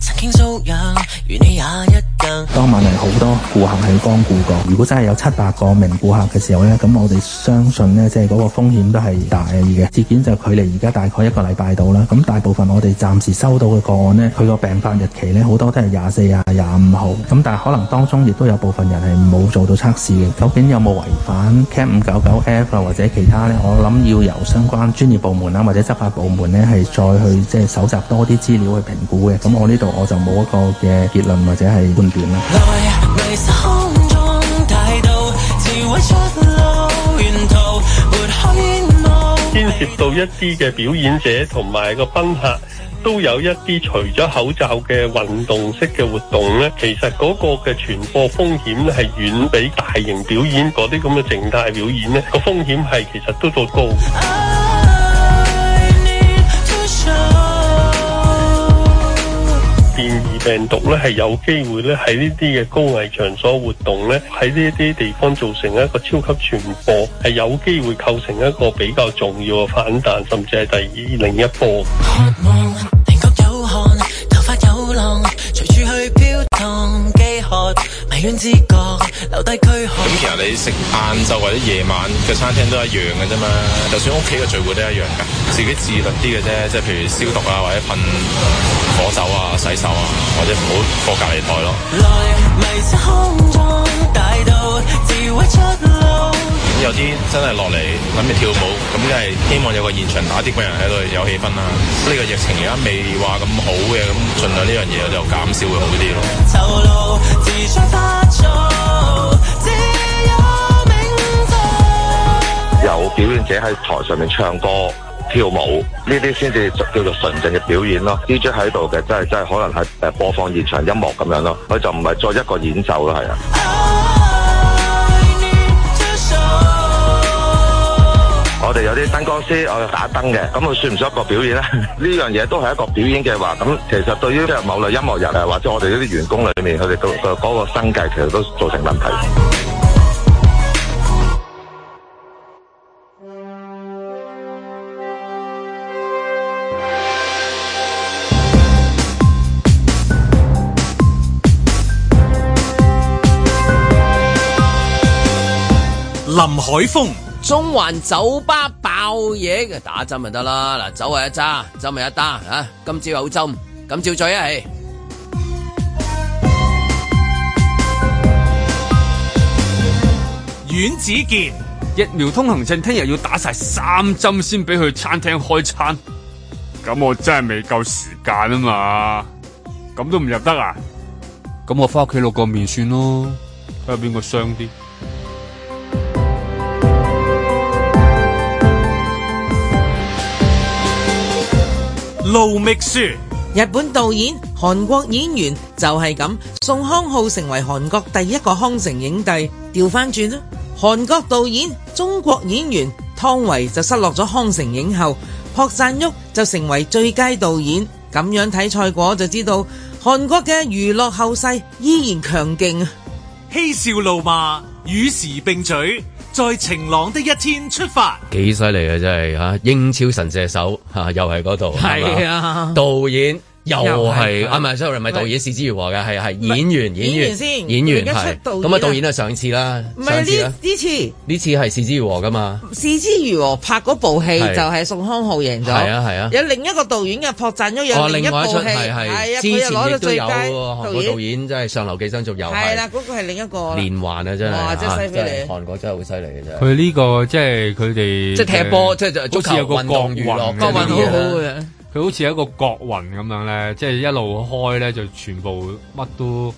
曾經騷擾，與你也一樣。當晚係好多顧客係光顧過，如果真係有七八個名顧客嘅時候呢，咁我哋相信呢，即係嗰個風險都係大嘅。事件就距離而家大概一個禮拜到啦。咁大部分我哋暫時收到嘅個案呢，佢個病發日期呢，好多都係廿四啊、廿五號。咁但係可能當中亦都有部分人係冇做到測試嘅。究竟有冇違反 Cap 五九九 F 啊或者其他呢？我諗要由相關專業部門啊或者執法部門呢，係再去即係搜集多啲資料去評估嘅。咁我呢度。我就冇一個嘅結論或者係觀點啦。牽涉到一啲嘅表演者同埋個賓客，都有一啲除咗口罩嘅運動式嘅活動咧。其實嗰個嘅傳播風險係遠比大型表演嗰啲咁嘅靜態表演咧，個風險係其實都仲高。變異病毒咧，係有機會咧喺呢啲嘅高危場所活動咧，喺呢啲地方造成一個超級傳播，係有機會構成一個比較重要嘅反彈，甚至係第二另一波。 咁其實你食晏晝或者夜晚嘅餐廳都一樣嘅啫嘛，就算屋企嘅聚會都一樣噶，自己自律啲嘅啫，即係譬如消毒啊，或者噴火酒啊，洗手啊，或者唔好過隔離台咯。有啲真係落嚟諗住跳舞，咁即係希望有個現場打碟嘅人喺度有氣氛啦。呢個疫情而家未話咁好嘅，咁儘量呢樣嘢就減少會好啲咯。自發自有，有表演者喺台上面唱歌跳舞，呢啲先至叫做純正嘅表演咯。DJ 喺度嘅真係真係可能係誒播放現場音樂咁樣咯，佢就唔係作一個演奏咯，係啊。我哋有啲燈光師，我打燈嘅，咁佢算唔算一個表演咧？呢樣嘢都係一個表演嘅話，咁其實對於啲某類音樂人啊，或者我哋呢啲員工裏面，佢哋個個生計，其實都造成問題。林海峰。中環酒吧爆嘢嘅打針咪得啦嗱，酒係一揸，針咪一打啊！今朝有針，今朝再一起。阮子健，疫苗通行證聽日要打晒三針先俾佢去餐廳開餐，咁、嗯、我真係未夠時間啊嘛，咁都唔入得啊？咁我翻屋企落個麵算咯，睇下邊個傷啲。路未輸，日本導演、韓國演員就係咁，宋康昊成為韓國第一個康城影帝，調翻轉啦。韓國導演、中國演員湯唯就失落咗康城影后，朴贊郁就成為最佳導演。咁樣睇賽果就知道，韓國嘅娛樂後勢依然強勁。嬉笑怒罵，與時並舉。在晴朗的一天出發、啊，幾犀利啊真係吓，英超神射手吓、啊，又係度係啊，導演。又係啊，唔係，所以咪導演是枝裕和嘅，係係演員演員先演員，咁啊導演係上次啦，唔係呢呢次呢次係是枝裕和噶嘛？是枝裕和拍嗰部戲就係宋康昊贏咗，係啊係啊。有另一個導演嘅朴贊郁，有另一部戲，係係係啊，佢又攞到最佳導演，真係上流寄生族又係啦。嗰個係另一個連環啊，真係啊，真係。韓國真係好犀利嘅，佢呢個即係佢哋即係踢波，即係就足球運動娛樂，好好嘅。佢好似一個國運咁樣咧，即係一路開咧就全部乜都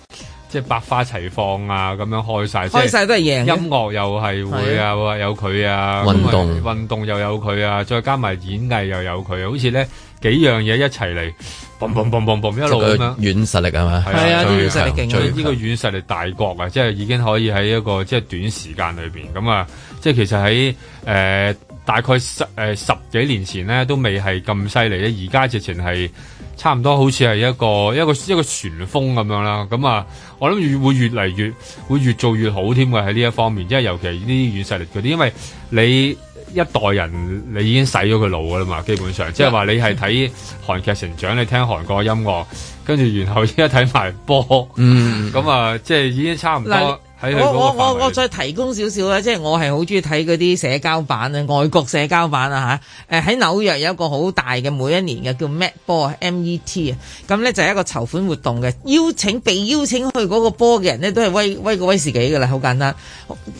即係百花齊放啊，咁樣開晒，開晒都係贏。音樂又係會啊，有佢啊，運、啊、動運動又有佢啊，再加埋演藝又有佢，好似咧幾樣嘢一齊嚟，嘣嘣嘣嘣嘣一路咁樣。軟實力啊嘛，係樣啊，啲軟實力勁，呢強個軟實力大國啊，即係已經可以喺一個即係短時間裏邊咁啊，即係其實喺誒。呃大概十誒、呃、十幾年前咧，都未係咁犀利咧。而家直情係差唔多，好似係一個一個一個旋風咁樣啦。咁啊，我諗越會越嚟越會越做越好添㗎喺呢一方面，即係尤其係呢啲軟勢力嗰啲，因為你一代人你已經洗咗佢腦㗎啦嘛，基本上即係話你係睇韓劇成長，你聽韓國音樂，跟住然後依家睇埋波，嗯，咁啊，即係已經差唔多。嗯 我我我我再提供少少啦，即係我係好中意睇嗰啲社交版啊，外國社交版啊吓。誒喺紐約有一個好大嘅每一年嘅叫 Met Ball 啊，MET 啊，咁咧就係一個籌款活動嘅，邀請被邀請去嗰個波嘅人呢，都係威威個威士忌噶啦，好簡單。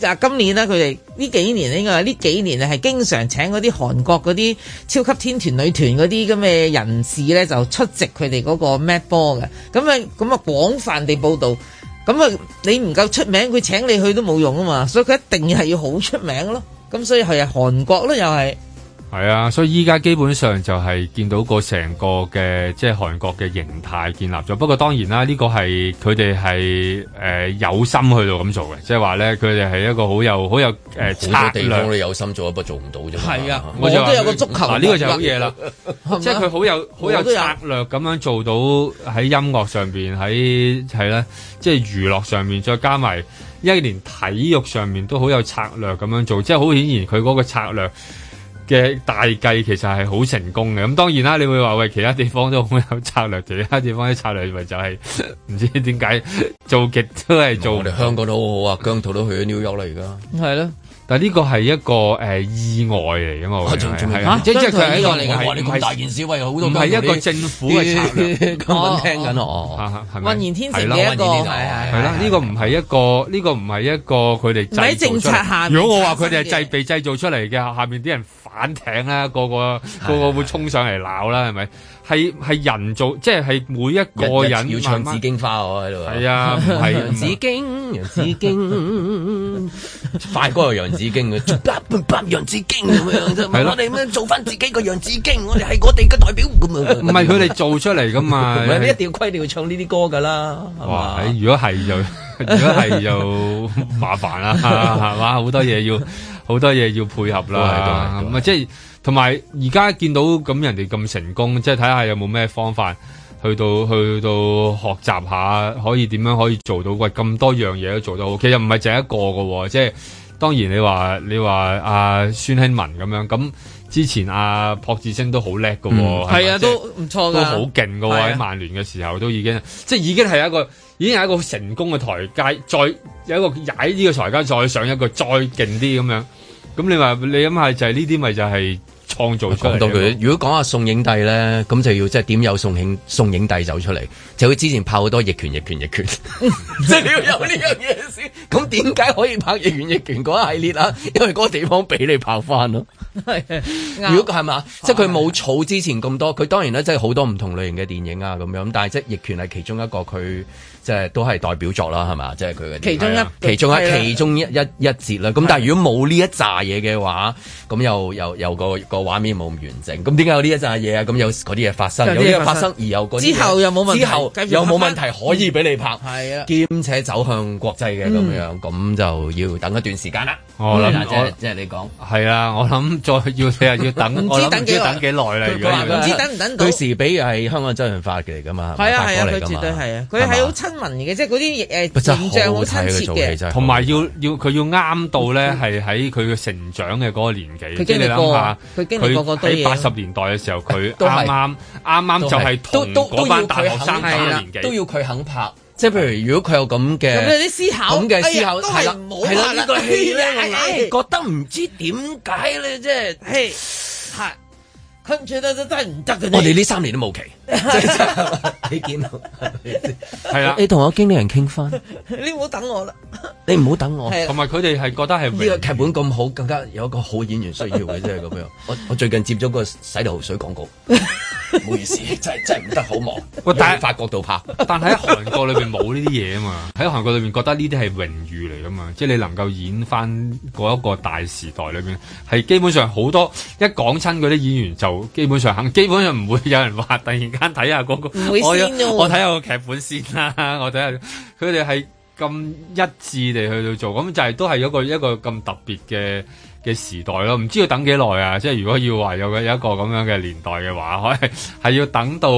就、啊、今年呢、啊，佢哋呢幾年應該係呢幾年係經常請嗰啲韓國嗰啲超級天團女團嗰啲咁嘅人士呢，就出席佢哋嗰個 Met Ball 嘅，咁、啊、樣咁啊廣泛地報道。咁啊，你唔夠出名，佢請你去都冇用啊嘛，所以佢一定係要好出名咯。咁所以係啊，韓國咯，又係。係啊，所以依家基本上就係見到個成個嘅即係韓國嘅形態建立咗。不過當然啦，呢、這個係佢哋係誒有心去到咁做嘅，即係話咧佢哋係一個好有好有誒、呃、地量，你有心做，做不過做唔到啫。係啊，我都有個足球呢、啊啊、就好嘢啦， 是是啊、即係佢好有好有策略咁樣做到喺音樂上邊，喺係咧即係娛樂上面再加埋一連體育上面都好有策略咁樣做，即係好顯然佢嗰個策略，嘅大計其實係好成功嘅，咁當然啦，你會話喂，其他地方都好有策略，其他地方啲策略咪就係、是、唔 知點解做極都係做。我哋香港都好好啊，姜濤都去咗 New York 啦，而家、 啊。係咯。但呢個係一個誒意外嚟嘅，我嚇！即即係意外嚟嘅，你咁大件事，好多係一個政府嘅策略，聽緊我，渾然天成嘅一個，係啦，呢個唔係一個，呢個唔係一個佢哋喺政策下。如果我話佢哋係製備製造出嚟嘅，下面啲人反艇啦，個個個個會衝上嚟鬧啦，係咪？係係人做，即係每一個人要唱紫荊花，我喺度。係啊，唔係洋紫荊，洋紫荊，快歌係洋紫荊嘅，洋紫荊咁樣。係咯，我哋咩做翻自己個洋紫荊，我哋係我哋嘅代表咁樣。唔係佢哋做出嚟噶嘛？唔係，一定要規定要唱呢啲歌噶啦。哇，如果係就，如果係就麻煩啦，係嘛？好多嘢要，好多嘢要配合啦。咁啊，即係。同埋而家見到咁人哋咁成功，即係睇下有冇咩方法去到去到學習下，可以點樣可以做到？喂，咁多樣嘢都做到，其實唔係淨係一個嘅喎。即係當然你話你話阿、啊、孫興文咁樣，咁之前阿朴智星都好叻嘅喎，係啊，都唔錯，都好勁嘅喎。喺曼聯嘅時候都已經，即係已經係一個已經係一個成功嘅台階，再有一個踩呢個台階再上一個再勁啲咁樣。咁你話你諗下，就係呢啲咪就係、就？係幫助佢。如果講下宋影帝咧，咁就要即係點有宋慶、宋影帝走出嚟？就好之前拍好多逆《逆權》、《逆權》、《逆權》，即係你要有呢樣嘢先。咁點解可以拍《逆權》、《逆權》嗰一系列啊？因為嗰個地方俾你拍翻咯。係，如果係嘛，即係佢冇儲之前咁多，佢當然咧即係好多唔同類型嘅電影啊咁樣。但係即係《逆權》係其中一個佢。即係都係代表作啦，係嘛？即係佢嘅其中一其中一，其中一一一節啦。咁但係如果冇呢一扎嘢嘅話，咁又又又個個畫面冇咁完整。咁點解有呢一扎嘢啊？咁有嗰啲嘢發生，有啲嘢發生而有嗰啲之後又冇問題？有冇問題可以俾你拍？係啊，兼且走向國際嘅咁樣，咁就要等一段時間啦。我諗即係你講係啊！我諗再要你啊，要等等幾耐啦？如果唔知等唔等到？對時比係香港周潤發嘅嚟㗎嘛，發過嚟㗎嘛。佢係好文嘅，即係嗰啲誒影像好親切嘅，同埋要要佢要啱到咧，係喺佢嘅成長嘅嗰個年紀。佢經歷過，佢經歷過嗰多嘢。喺八十年代嘅時候，佢啱啱啱啱就係同班大學生年紀，都要佢肯拍。即係譬如，如果佢有咁嘅思考嘅時候，都係係啦。呢個戲咧，我覺得唔知點解咧，即係係跟住咧都真係唔得嘅。我哋呢三年都冇期。即係你見到係啦，你同我經理人傾翻，你唔好等我啦 ，你唔別好等我，同埋佢哋係覺得係呢個劇本咁好，更加有一個好演員需要嘅，即係咁樣。我我最近接咗個洗頭水廣告，唔 好意思，真係真係唔得好忙。我喺 法國度拍，但喺韓國裏邊冇呢啲嘢啊嘛。喺韓國裏邊覺得呢啲係榮譽嚟噶嘛，即係你能夠演翻嗰一個大時代裏邊，係基本上好多一講親嗰啲演員就基本上肯，基本上唔會有人話突然間。 睇下嗰個，我我睇下個劇本先啦。我睇下佢哋係咁一致地去到做，咁就係都係一個一個咁特別嘅。嘅時代咯，唔知要等幾耐啊！即係如果要話有個有一個咁樣嘅年代嘅話，係係要等到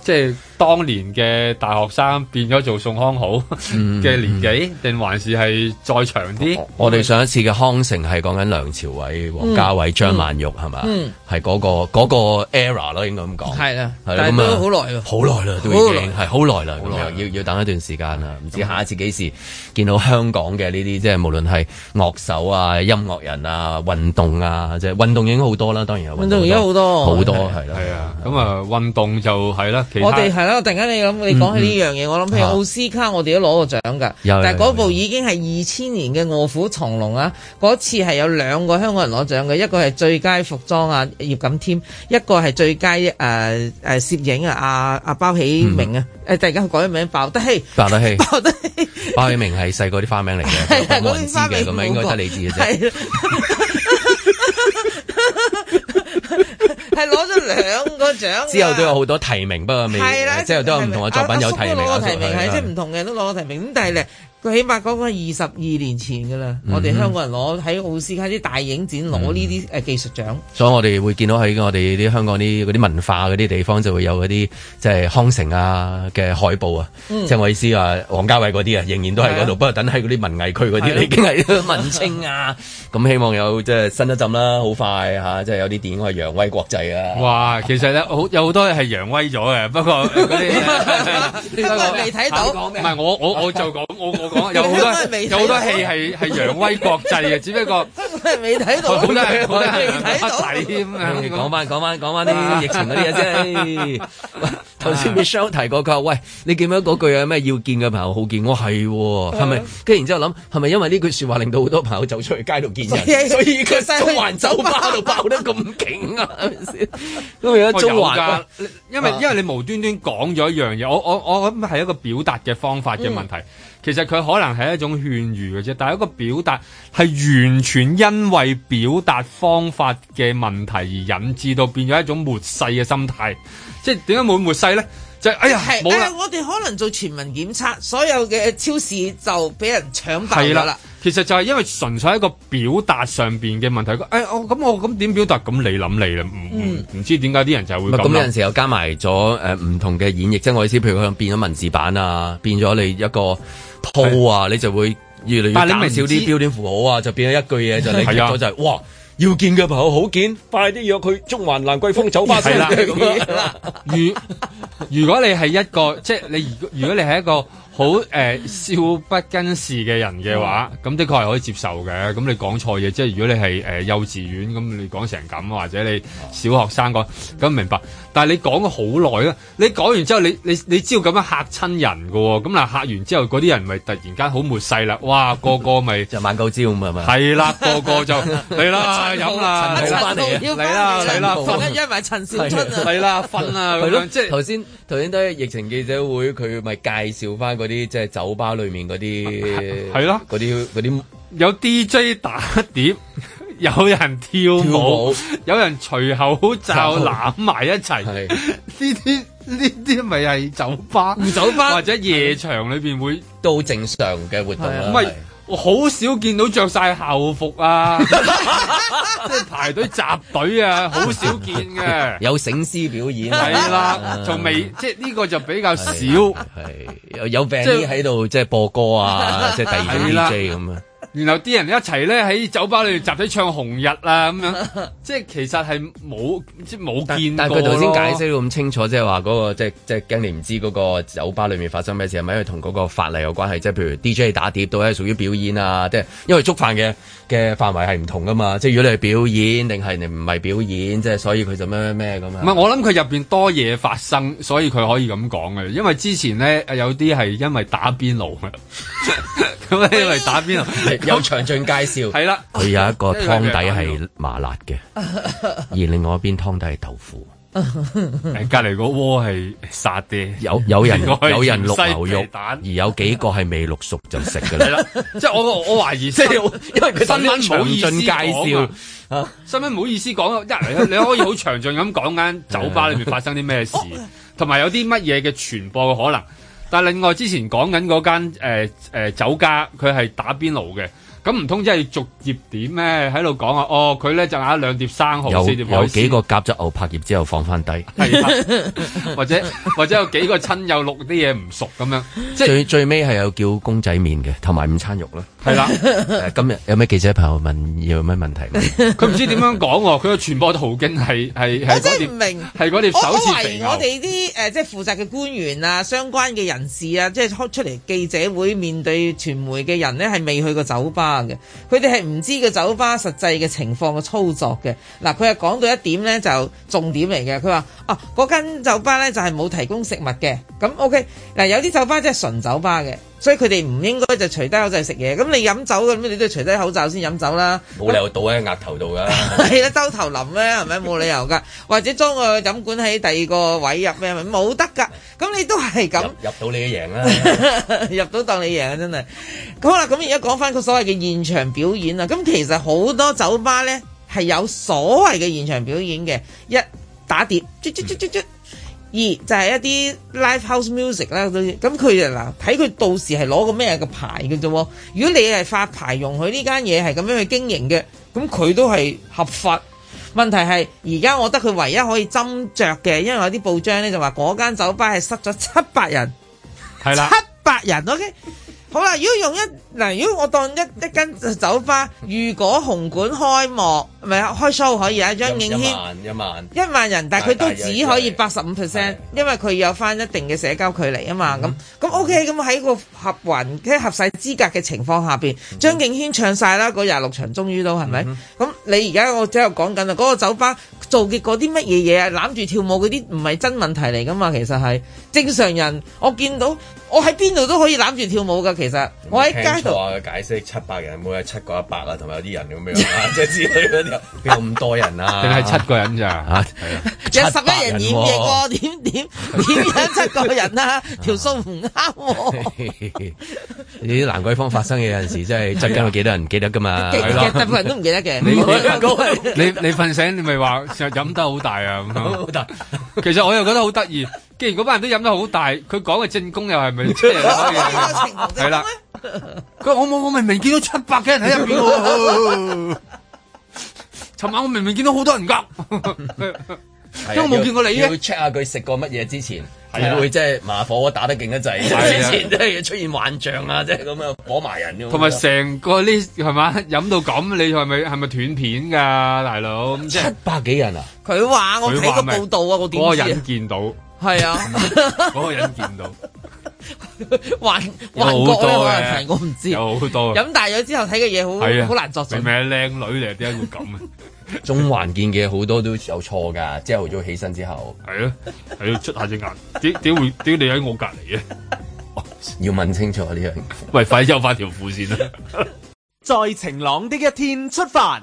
即係當年嘅大學生變咗做宋康昊嘅年紀，定還是係再長啲？我哋上一次嘅康城係講緊梁朝偉、王家衞、張曼玉係嘛？嗯，係嗰個嗰個 era 咯，應該咁講係啦。但係都好耐咯，好耐啦，都已經係好耐啦，要要等一段時間啦。唔知下一次幾時見到香港嘅呢啲，即係無論係樂手啊、音樂人啊。啊，運動啊，即係運動已經好多啦，當然有運動已經好多好多係啦，係啊，咁啊運動就係啦。其實我哋係啦，突然間你諗你講起呢樣嘢，我諗起奧斯卡，我哋都攞過獎㗎。但係嗰部已經係二千年嘅《臥虎藏龍》啊，嗰次係有兩個香港人攞獎嘅，一個係最佳服裝啊葉錦添，一個係最佳誒誒攝影啊阿阿鮑起鳴啊，誒突然間改咗名鮑德熹，鮑德熹，鮑起鳴係細個啲花名嚟嘅，我唔知嘅咁樣，應該得你知嘅啫。係攞咗兩個獎，之後都有好多提名，不過未，的之後都有唔同嘅作品、啊、有提名，係即係唔同嘅都攞咗提名，咁但係是咧。嗯佢起碼講個二十二年前嘅啦，我哋香港人攞喺奧斯卡啲大影展攞呢啲誒技術獎，所以我哋會見到喺我哋啲香港啲啲文化嗰啲地方就會有嗰啲即係康城啊嘅海報啊，即係我意思話王家衞嗰啲啊，仍然都喺嗰度，不過等喺嗰啲文藝區嗰啲已經係文青啊，咁希望有即係新一陣啦，好快嚇，即係有啲電影係揚威國際啊！哇，其實咧好有好多係揚威咗嘅，不過啲未睇到，唔係我我我就講我。講有好多有好多戲係係揚威國際嘅，只不過未睇到，我真係覺得睇唔得仔添啊！講翻講翻講翻啲疫情嗰啲嘢啫。係。頭先 Michelle 提過佢話，喂，你記唔記得嗰句有咩要見嘅朋友好見，我係係咪？跟住然之後諗，係咪因為呢句說話令到好多朋友走出去街度見人？所以佢西環酒吧度爆得咁勁啊！咁啊，因為中環，因為因為你無端端講咗一樣嘢，我我我諗係一個表達嘅方法嘅問題。其實佢可能係一種勸喻嘅啫，但係一個表達係完全因為表達方法嘅問題而引致到變咗一種末世嘅心態，即係點解冇末世咧？就係哎呀，冇啦！我哋可能做全民檢測，所有嘅超市就俾人搶曬啦。其實就係因為純粹係一個表達上邊嘅問題。誒、哎，咁、哦、我咁點表達？咁你諗你啦，唔、嗯、知點解啲人就係會咁。有陣、嗯、時又加埋咗誒唔同嘅演繹，即係我意思，譬如佢變咗文字版啊，變咗你一個。好啊，你就會越嚟越減少啲標點符號啊，就變咗一句嘢、啊、就你結果就係哇，要見嘅朋友好見，啊、快啲約佢中環蘭桂坊走吧先啦。如如果你係一個即係你，如果你係一個好誒、呃、少不更事嘅人嘅話，咁、嗯、的確係可以接受嘅。咁你講錯嘢，即係如果你係誒、呃、幼稚園咁，你講成咁，或者你小學生講咁明白。但係你講咗好耐啊！你講完之後，你你你知道咁樣嚇親人嘅喎，咁嗱嚇完之後，嗰啲人咪突然間好沒勢啦！哇，個個咪就萬夠招咁啊嘛，係咪？係啦，個個就嚟啦，飲啦，攞翻嚟啊，嚟啦，嚟啦，因為陳小春啊，嚟啦，瞓啊。即係頭先頭先都係疫情記者會，佢咪介紹翻嗰啲即係酒吧裏面嗰啲係咯，嗰啲啲有 DJ 打碟。有人跳舞，有人除口罩攬埋一齊，呢啲呢啲咪係酒吧，酒吧或者夜場裏邊會都正常嘅活動。唔係，好少見到着晒校服啊，即係排隊集隊啊，好少見嘅。有醒獅表演係啦，仲未即係呢個就比較少。係有 band 喺度即係播歌啊，即係第二種 DJ 咁啊。然後啲人一齊咧，喺酒吧裏面集體唱紅日啊咁樣，即係其實係冇，即係冇見過，但係佢頭先解釋到咁清楚， 即係話嗰個即係即係驚你唔知嗰個酒吧裏面發生咩事係咪因為同嗰個法例有關係，即係譬如 D J 打碟都係屬於表演啊，即係因為觸犯嘅。嘅範圍係唔同噶嘛，即係如果你係表演，定係你唔係表演，即係所以佢就咩咩咩咁樣。唔係，我諗佢入邊多嘢發生，所以佢可以咁講嘅。因為之前咧，有啲係因為打邊爐，咁 因為打邊爐有詳盡介紹。係啦，佢有一個湯底係麻辣嘅， 而另外一邊湯底係豆腐。 隔籬個窩係沙爹有有人有人碌牛肉蛋， 而有幾個係未碌熟就食噶啦。即係、 啊就是、我我懷疑，即、就、係、是、因為新聞唔好意思講啊，新聞唔好意思講，一你可以好詳盡咁講間酒吧裏邊發生啲咩事，同埋 有啲乜嘢嘅傳播嘅可能。但係另外之前講緊嗰間誒誒酒家，佢係打邊爐嘅。咁唔通真係要逐碟點咩？喺度講啊！哦，佢咧就嗌兩碟生蠔，有有幾個夾咗牛柏葉之後放翻低，的 或者或者有幾個親友錄啲嘢唔熟咁樣。 即最最尾係有叫公仔麵嘅，同埋午餐肉啦。係啦，今日有咩記者朋友問有咩問題？佢唔知點樣講喎，佢嘅傳播途徑係係係嗰啲，係首次我懷疑我哋啲誒即係負責嘅官員啊、相關嘅人士啊，即係出嚟記者會面對傳媒嘅人咧，係未去過酒吧嘅，佢哋係唔知個酒吧實際嘅情況嘅操作嘅。嗱，佢係講到一點咧，就重點嚟嘅。佢話：啊，嗰間酒吧咧就係冇提供食物嘅。咁 OK，嗱，有啲酒吧即係純酒吧嘅。所以佢哋唔應該就除低口罩食嘢，咁你飲酒咁，你都要除低口罩先飲酒啦。冇理由倒喺額頭度噶，係啦，兜頭淋咩？係咪冇理由噶？或者裝個飲管喺第二個位入咩？係咪？冇得噶，咁你都係咁入到你贏啦，入到當你贏啊！真係。咁好啦，咁而家講翻個所謂嘅現場表演啊，咁其實好多酒吧咧係有所謂嘅現場表演嘅，一打碟，二就係、是、一啲 live house music 啦，都咁佢就嗱睇佢到時係攞個咩嘅牌嘅啫喎。如果你係發牌用佢呢間嘢係咁樣去經營嘅，咁佢都係合法。問題係而家我覺得佢唯一可以斟酌嘅，因為有啲報章咧就話嗰間酒吧係塞咗七百人，係啦的，七百 人 OK。好啦，如果用一嗱，如果我當一一間酒吧，如果紅館開幕，係咪開 show 可以啊？張敬軒一萬一萬人，但係佢都只可以八十五 percent，因為佢有翻一定嘅社交距離啊嘛。咁咁 OK，咁喺個合云即合晒資格嘅情況下邊，張敬軒唱晒啦，嗰廿六場終於都係咪？咁你而家我即係講緊呀，嗰、嗰個酒吧做嘅嗰啲乜嘢嘢啊，攬住跳舞嗰啲唔係真問題嚟噶嘛？其實係正常人，我見到。我喺邊度都可以攬住跳舞噶，其實我喺街度啊！解釋七百人，冇係七個一百啊，同埋有啲人咁樣啊，即係之類嗰啲，有咁多人啊？定係七個人咋嚇？有十一人演嘅個點點點樣七個人啊？條數唔啱喎！你啲蘭桂坊發生嘅有陣時真係最近有幾多人唔記得噶嘛？其實大部分人都唔記得嘅。你你瞓醒你咪話飲得好大啊咁啊！其實我又覺得好得意。既然嗰班人都飲得好大，佢講嘅進攻又係咪真啦？佢 我我我明明見到七百幾人喺入邊喎。尋、哦、晚我明明見到好多人㗎，點解冇見過你嘅？會 check 下佢食過乜嘢之前，係的會即係麻火打得勁得滯，的之前出現幻象啊，即係咁樣火埋人。同埋成個呢係嘛飲到咁，你係咪係咪斷片㗎，大佬？七百幾人啊！佢話我睇個報道啊，我點知？嗰個人都見到。 係啊，嗰個人見到環環角咧，問題我唔知。有好多飲大咗之後睇嘅嘢好好難作。你咩靚女嚟？點解會咁啊？中環見嘅好多都有錯噶。朝頭早起身之後係啊，係要出下隻眼。點點會點你喺我隔籬啊？要問清楚呢樣。喂，快收翻條褲先啦。在晴朗的一天出發。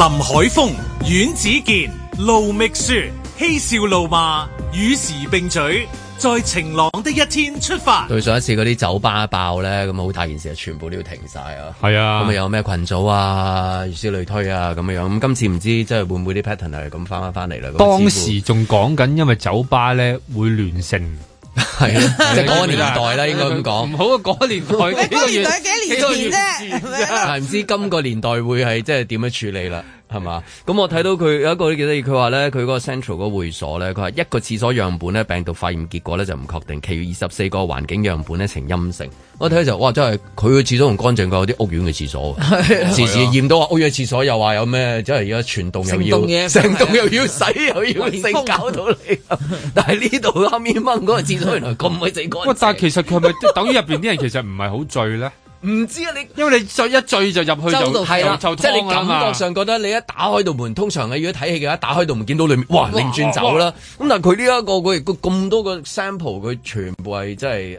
林海峰、阮子健、盧覓雪嬉笑怒罵，與時並舉，在晴朗的一天出發。對上一次嗰啲酒吧爆咧，咁好大件事啊，全部都要停晒啊。係啊，咁咪有咩群組啊，如此類推啊，咁樣。咁今次唔知即係會唔會啲 pattern 係咁翻翻翻嚟啦。當時仲講緊，因為酒吧咧會亂性。係啊，即係嗰個年代啦，應該咁講。唔好啊，嗰個年代，你嗰年代幾年前啫，係唔 知今個年代會係即係點樣處理啦。係嘛？咁、嗯、我睇到佢有一個咧，佢話咧佢嗰個 Central 個會所咧，佢話一個廁所樣本咧，病毒發現結果咧就唔確定，其餘二十四個環境樣本咧呈陰性。我睇就哇，真係佢嘅廁所仲乾淨過有啲屋苑嘅廁所。 時時驗到話屋苑廁所又話有咩，真係而家全棟又要成棟成棟又要洗，又要成凶搞到你。但係呢度阿 m i 嗰個廁所原來咁鬼死乾淨。但係其實佢係咪等於入邊啲人，其實唔係好醉咧？唔知啊你，因為你再一醉就入去就係啦，即係你感覺上覺得你一打開度門，通常你如果睇戲嘅話，打開度門見到裏面，哇，擰轉走啦。咁但係佢呢一個佢咁多個 sample，佢全部係即係誒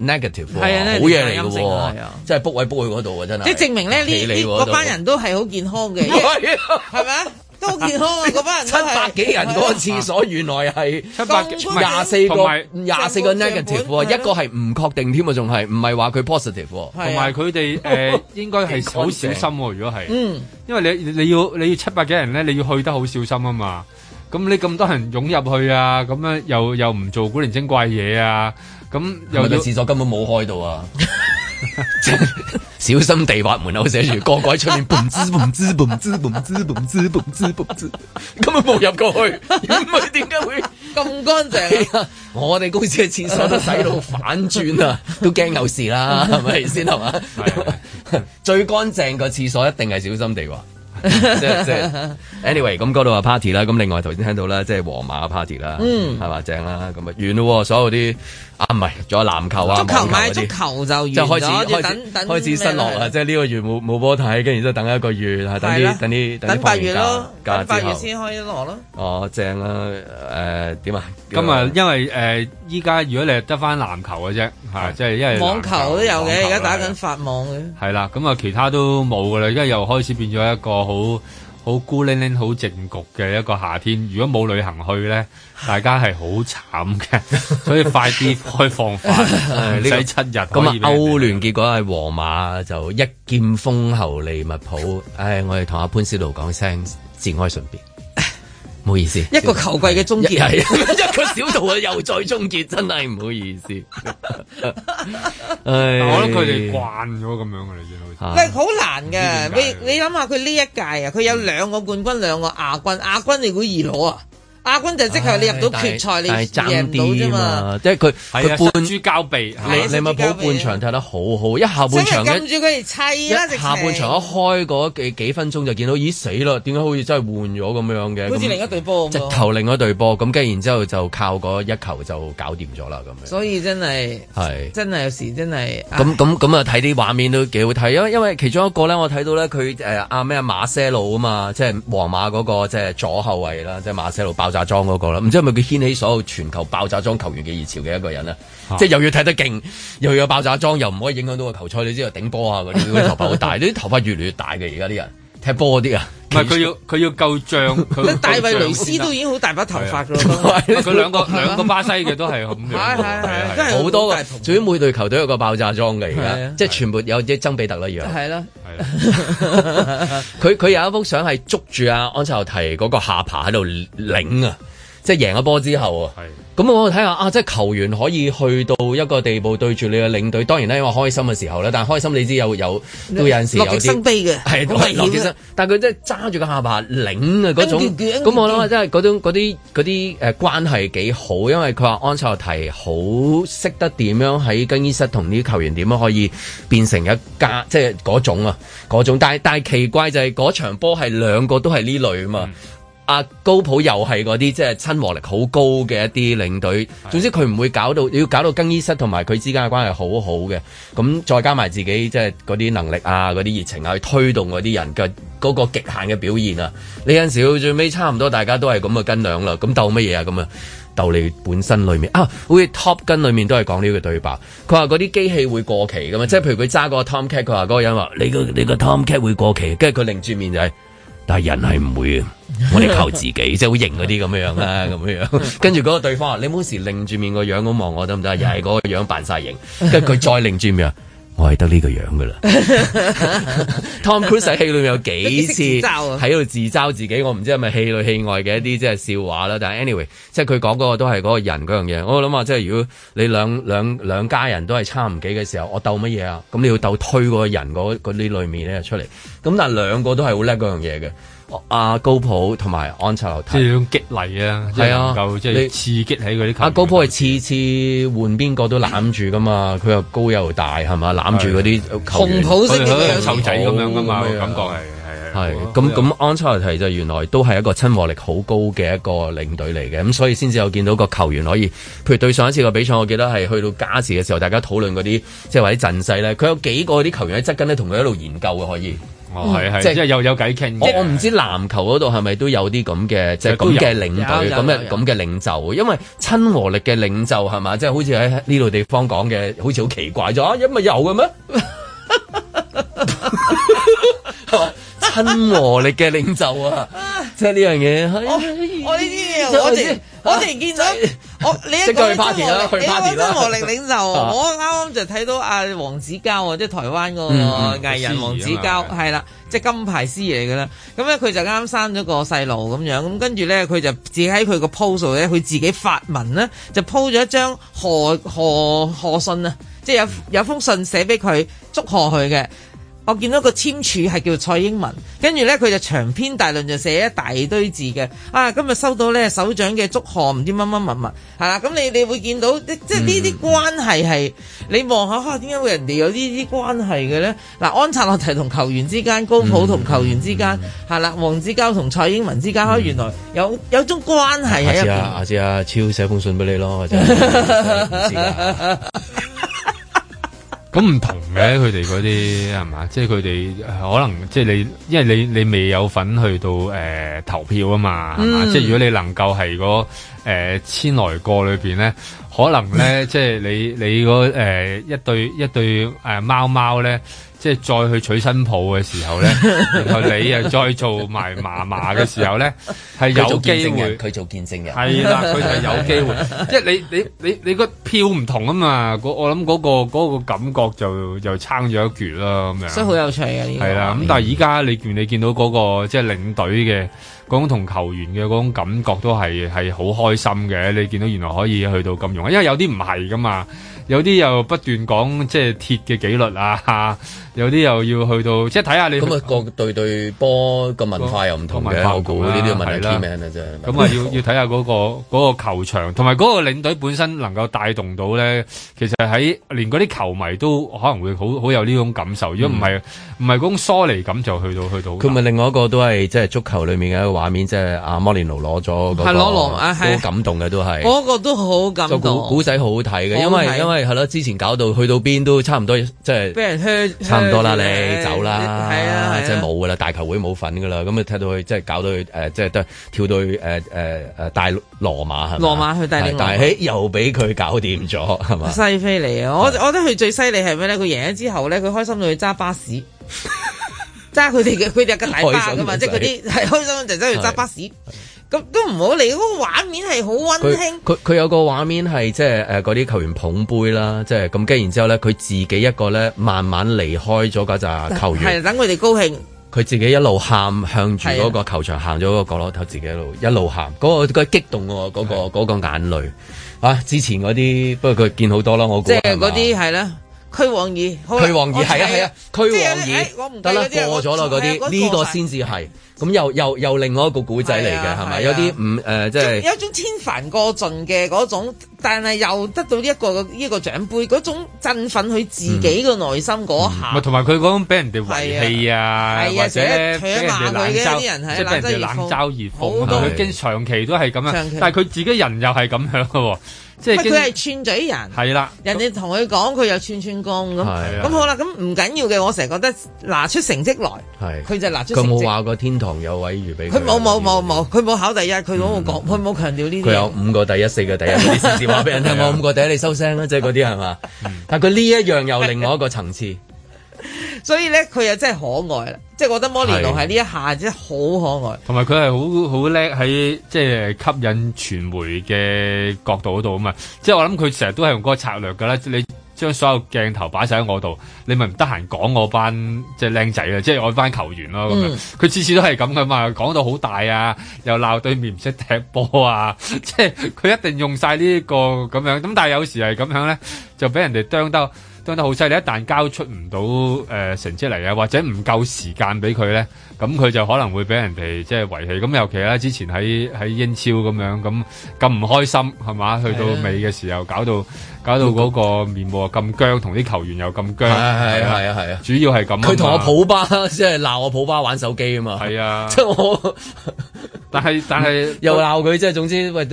negative，好嘢嚟㗎喎，即係 book 位 book 去嗰度㗎，真係。即係證明咧呢呢班人都係好健康嘅，係咪？都健康啊！嗰班人七百幾人，嗰個廁所原來係 七百廿四個，同埋廿四個 negative 啊，一個係唔確定添啊，仲係唔係話佢 positive？係同埋佢哋誒，應該係好小心喎、啊。如果係， 嗯，因為你你要你要七百幾人咧，你要去得好小心啊嘛。咁你咁多人湧入去啊，咁樣又又唔做古靈精怪嘢啊，咁又咪個廁所根本冇開到啊！ 小心地滑，門口寫住個鬼出面，嘣滋嘣滋嘣滋嘣滋嘣滋嘣滋嘣滋，根本冇入過去。唔係點解會咁乾淨？ 我哋公司嘅廁所都洗到反轉啊，都驚有事啦，係咪先？係嘛？的 最乾淨個廁所一定係小心地滑。 Anyway，咁嗰度話 party 啦，咁另外頭先聽到啦，即係皇馬 party 啦，嗯，係嘛，正啦、啊，咁啊完啦，所有啲。啊，唔係，仲有籃球啊，足球，買足球就即係開始，開等開始失落啊！即係呢個月冇冇波睇，跟住都等一個月，係等啲等啲等八月咯，等八月先開得落咯。哦，正啦，誒，點啊？咁啊，因為誒，依家如果你得返籃球嘅啫，係即係因為網球都有嘅，而家打緊法網嘅。係啦，咁啊，其他都冇噶啦，而家又開始變咗一個好。好孤零零、好靜焗嘅一個夏天，如果冇旅行去呢，大家係好慘嘅， 所以快啲開放返，唔使 七日、這個。咁啊，歐聯結果係皇馬就一劍封喉利物浦， 唉，我哋同阿潘思璐講聲節哀順變。唔好意思，一個球季嘅終結係一個小道啊，又再終結， 真係唔好意思。唉， 我諗佢哋慣咗咁樣嚟嘅，好似喂好難嘅。你你諗下佢呢一屆啊，佢有兩個冠軍，兩個亞軍，亞軍你估易攞啊？亞軍就即係你入到決賽，你贏唔到啫嘛，即係佢佢半珠交臂，你你咪嗰半場踢得好好，一下半場跟住佢砌，一下半場一開嗰幾分鐘就見到咦，死咯！點解好似真係換咗咁樣嘅？好似另一隊波，直頭另一隊波咁，跟住然之後就靠嗰一球就搞掂咗啦咁樣，所以真係，係真係有時真係，咁咁咁啊！睇啲畫面都幾好睇，因為因為其中一個咧，我睇到咧佢，誒阿咩阿馬塞魯啊嘛，即係皇馬嗰個即係左後衛啦，即係馬塞路爆。.炸裝嗰個啦，唔知係咪佢掀起所有全球爆炸裝球員嘅熱潮嘅一個人咧，啊、即係又要睇得勁，又要爆炸裝，又唔可以影響到個球賽。你知道頂波啊，嗰啲頭髮好大，呢啲 頭髮越嚟越大嘅而家啲人。踢波啲啊，唔係佢要佢要夠脹，阿大衛雷斯都已經好大把頭髮噶啦，佢兩個兩個巴西嘅都係咁樣，好多個，總之每隊球隊有個爆炸裝嘅而家，即係全部有啲曾比特咁樣，係啦，係佢佢有一幅相係捉住阿安切奧提嗰個下巴喺度擰啊。即係贏咗波之後啊，咁是我睇下啊，即係球員可以去到一個地步，對住你嘅領隊，當然啦，因為開心嘅時候咧，但係開心你知有有都有陣時有啲樂極生悲嘅，係是但係佢即係揸住個下巴領啊嗰種，咁、嗯嗯嗯嗯嗯、我諗啊，即係嗰種嗰啲啲誒關係幾好，因為佢話安切洛蒂好識得點樣喺更衣室同啲球員點樣可以變成一家，即係嗰種啊嗰種，種，但係但係奇怪就係嗰場波係兩個都係呢類啊嘛。嗯阿、啊、高普又係嗰啲即係親和力好高嘅一啲領隊，的總之佢唔會搞到要搞到更衣室同埋佢之間嘅關係好好嘅。咁再加埋自己即係嗰啲能力啊、嗰啲熱情啊，去推動嗰啲人嘅嗰、那個極限嘅表現啊。呢陣時到最尾差唔多大家都係咁嘅斤兩啦。咁鬥乜嘢啊？咁啊鬥你本身裏面啊好似 top 斤裏面都係講呢個對白。佢話嗰啲機器會過期嘅嘛，嗯、即係譬如佢揸嗰個 t o m c a t 佢話嗰個人話你個你個 t o m c a t 會過期，跟住佢擰住面就係、是。但係人係唔會嘅，我哋靠自己， 即係好型嗰啲咁樣樣、啊、啦，咁樣樣。 跟住嗰個對方話，你冇時擰住面樣 個樣咁望我得唔得？又係嗰個樣扮晒型，跟住佢再擰住面。我係得呢個樣噶啦 ，Tom Cruise 喺戲裏面有幾次喺度自嘲自己，我唔知係咪戲裏戲外嘅一啲即係笑話啦。但係 anyway，即係佢講嗰個都係嗰個人嗰樣嘢。我諗下，即係如果你兩兩兩家人都係差唔幾嘅時候，我鬥乜嘢啊？咁你要鬥推嗰個人嗰啲裏面咧出嚟。咁但係兩個都係好叻嗰樣嘢嘅。阿、啊、高普同埋安切洛提，即係種激勵啊，啊即係能即係刺激起嗰啲球員。阿、啊、高普係次次換邊個都攬住噶嘛，佢又高又大係嘛，攬住嗰啲球員。紅土先仔咁樣噶嘛，感覺係係係。咁咁、啊，是是嗯、安切洛提就原來都係一個親和力好高嘅一個領隊嚟嘅，咁所以先至有見到個球員可以。譬如對上一次個比賽，我記得係去到加時嘅時候，大家討論嗰啲即係話啲陣勢咧，佢有幾個啲球員喺側近咧，同佢一路研究嘅可以。哦，係，就是、即係是又有偈傾。是我唔知籃球嗰度係咪都有啲咁嘅，即係咁嘅領導，咁嘅咁嘅領袖。因為親和力嘅領袖係嘛，即係、就是、好似喺呢度地方講嘅，好似好奇怪咗、啊，因為有嘅咩？ 親和力嘅領袖啊，即係呢樣嘢。我呢啲嘢，我我突然見到我你即係去 party 啦。台灣和力領袖，我啱啱就睇到阿黃子佼啊，即係台灣個藝人黃子佼，係啦，即係金牌師爺嚟噶啦。咁咧佢就啱啱生咗個細路咁樣，咁跟住咧佢就自己喺佢個 post 咧，佢自己發文咧就 po 咗一張賀賀賀信啊，即係有有封信寫俾佢祝賀佢嘅。我見到個簽署係叫蔡英文，跟住咧佢就長篇大論就寫一大堆字嘅。啊，今日收到咧首長嘅祝賀，唔知乜乜乜物，係啦。咁你你會見到即係，、嗯看看啊、係呢啲關係係你望下嚇，點解會人哋有呢啲關係嘅咧？嗱，安察洛提同球員之間，高普同球員之間，係啦、嗯，黃志高同蔡英文之間，嚇、嗯，原來有有，有種關係喺入邊。阿志啊，阿、啊啊、超寫封信俾你咯。 咁唔同嘅，佢哋嗰啲係嘛？即係佢哋可能即係你，因為你你未有份去到誒、呃、投票啊嘛，係嘛？嗯、即係如果你能夠係個、呃、千來個裏邊咧，可能咧 即係你你嗰、呃、一對一對誒、呃、貓貓咧。即係再去娶新抱嘅時候咧， 然後你啊再做埋嫲嫲嘅時候咧，係有機會佢做見證人，係啦，佢就係有機會，即係你你你你個票唔同啊嘛，我諗嗰、嗰個嗰個感覺就就撐咗一橛啦咁樣，所以好有趣啊呢、呢個係啦的，咁、嗯、但係依家你見你見到嗰、嗰個即係領隊嘅。講同球員嘅嗰種感覺都係係好開心嘅，你見到原來可以去到金融，因為有啲唔係㗎嘛，有啲又不斷講即係鐵嘅紀律啊，有啲又要去到即係睇下你咁啊，個隊隊波個文化又唔同埋、啊、我估呢啲問題咁啊要 要睇下嗰個球場，同埋嗰個領隊本身能夠帶動到咧，其實喺連嗰啲球迷都可能會好好有呢種感受，嗯、如果唔係唔係嗰種疏離感就去到去到。佢咪另外一個都係即係足球裏面嘅一個。 畫面即係阿摩連奴攞咗，係攞羅啊，好感動嘅，都係嗰個都好感動，古仔好好睇嘅，因為因為係咯，之前搞到去到邊都差唔多，即係俾人靴，差唔多啦，你走啦，係啊，即係冇噶啦，大球會冇份噶啦，咁啊睇到佢即係搞到佢誒，即係都跳到去誒誒誒大羅馬係羅馬去大，但係又俾佢搞掂咗係嘛？西非嚟啊！我我覺得佢最犀利係咩咧？佢贏咗之後咧，佢開心到去揸巴士。揸佢哋嘅，佢哋架大巴㗎嘛，即係嗰啲係開心就走去揸巴士，咁都唔好理。嗰、那個畫面係好溫馨。佢佢有個畫面係即係誒嗰啲球員捧杯啦，即係咁跟然之後咧，佢自己一個咧慢慢離開咗嗰扎球員，係等佢哋高興。佢自己一路喊，啊、向住嗰個球場行咗個角落頭，自己一路一路喊，嗰、那個激動喎，嗰、那個那個啊、個眼淚啊！之前嗰啲不過佢見好多啦，我估即係嗰啲係啦。吧趨旺儀，趨旺儀係啊係啊，趨旺儀，我唔得啦，過咗啦嗰啲，呢個先至係咁，又又又另外一個古仔嚟嘅係咪？有啲唔，誒，即係有一種千帆過盡嘅嗰種，但係又得到一個呢個獎杯，嗰種振奮佢自己嘅內心嗰下。同埋佢嗰種俾人哋遺棄啊，或者俾人哋冷嘲，即係俾人哋冷嘲熱諷。好多佢經長期都係咁樣，但係佢自己人又係咁樣嘅。佢係串嘴人，係啦，人哋同佢講，佢有串串功咁，咁好啦，咁唔緊要嘅，我成日覺得拿出成績來，佢就拿出成績。佢冇話過天堂有位如俾佢，冇冇冇冇，佢冇考第一，佢冇講，佢冇強調呢啲。佢有五個第一，四個第一，你成時話俾人聽，我五個第一，你收聲啦，即係嗰啲係嘛？但佢呢一樣又另外一個層次。 所以咧，佢又真係可愛啦，即係我覺得摩連奴喺呢一下真係好可愛，同埋佢係好好叻喺即係吸引傳媒嘅角度嗰度啊嘛，即係我諗佢成日都係用嗰個策略噶啦，你將所有鏡頭擺晒喺我度，你咪唔得閒講我班即係靚仔啊，即係我班球員咯咁樣，佢次、嗯、次都係咁噶嘛，講到好大啊，又鬧對面唔識踢波啊，即係佢一定用晒呢、一個咁樣，咁但係有時係咁樣咧，就俾人哋啄兜。做得好犀利，一旦交出唔到誒成績嚟啊，或者唔夠時間俾佢咧，咁佢就可能會俾人哋即係遺棄。咁尤其咧，之前喺喺英超咁樣咁咁唔開心，係嘛？的去到尾嘅時候搞到。搞到嗰個面部啊咁僵，同啲球員又咁僵，係係係啊係啊，主要係咁。佢同我普巴即係鬧我普巴玩手機啊嘛，係啊，即係我。但係但係又鬧佢，即係總之喂，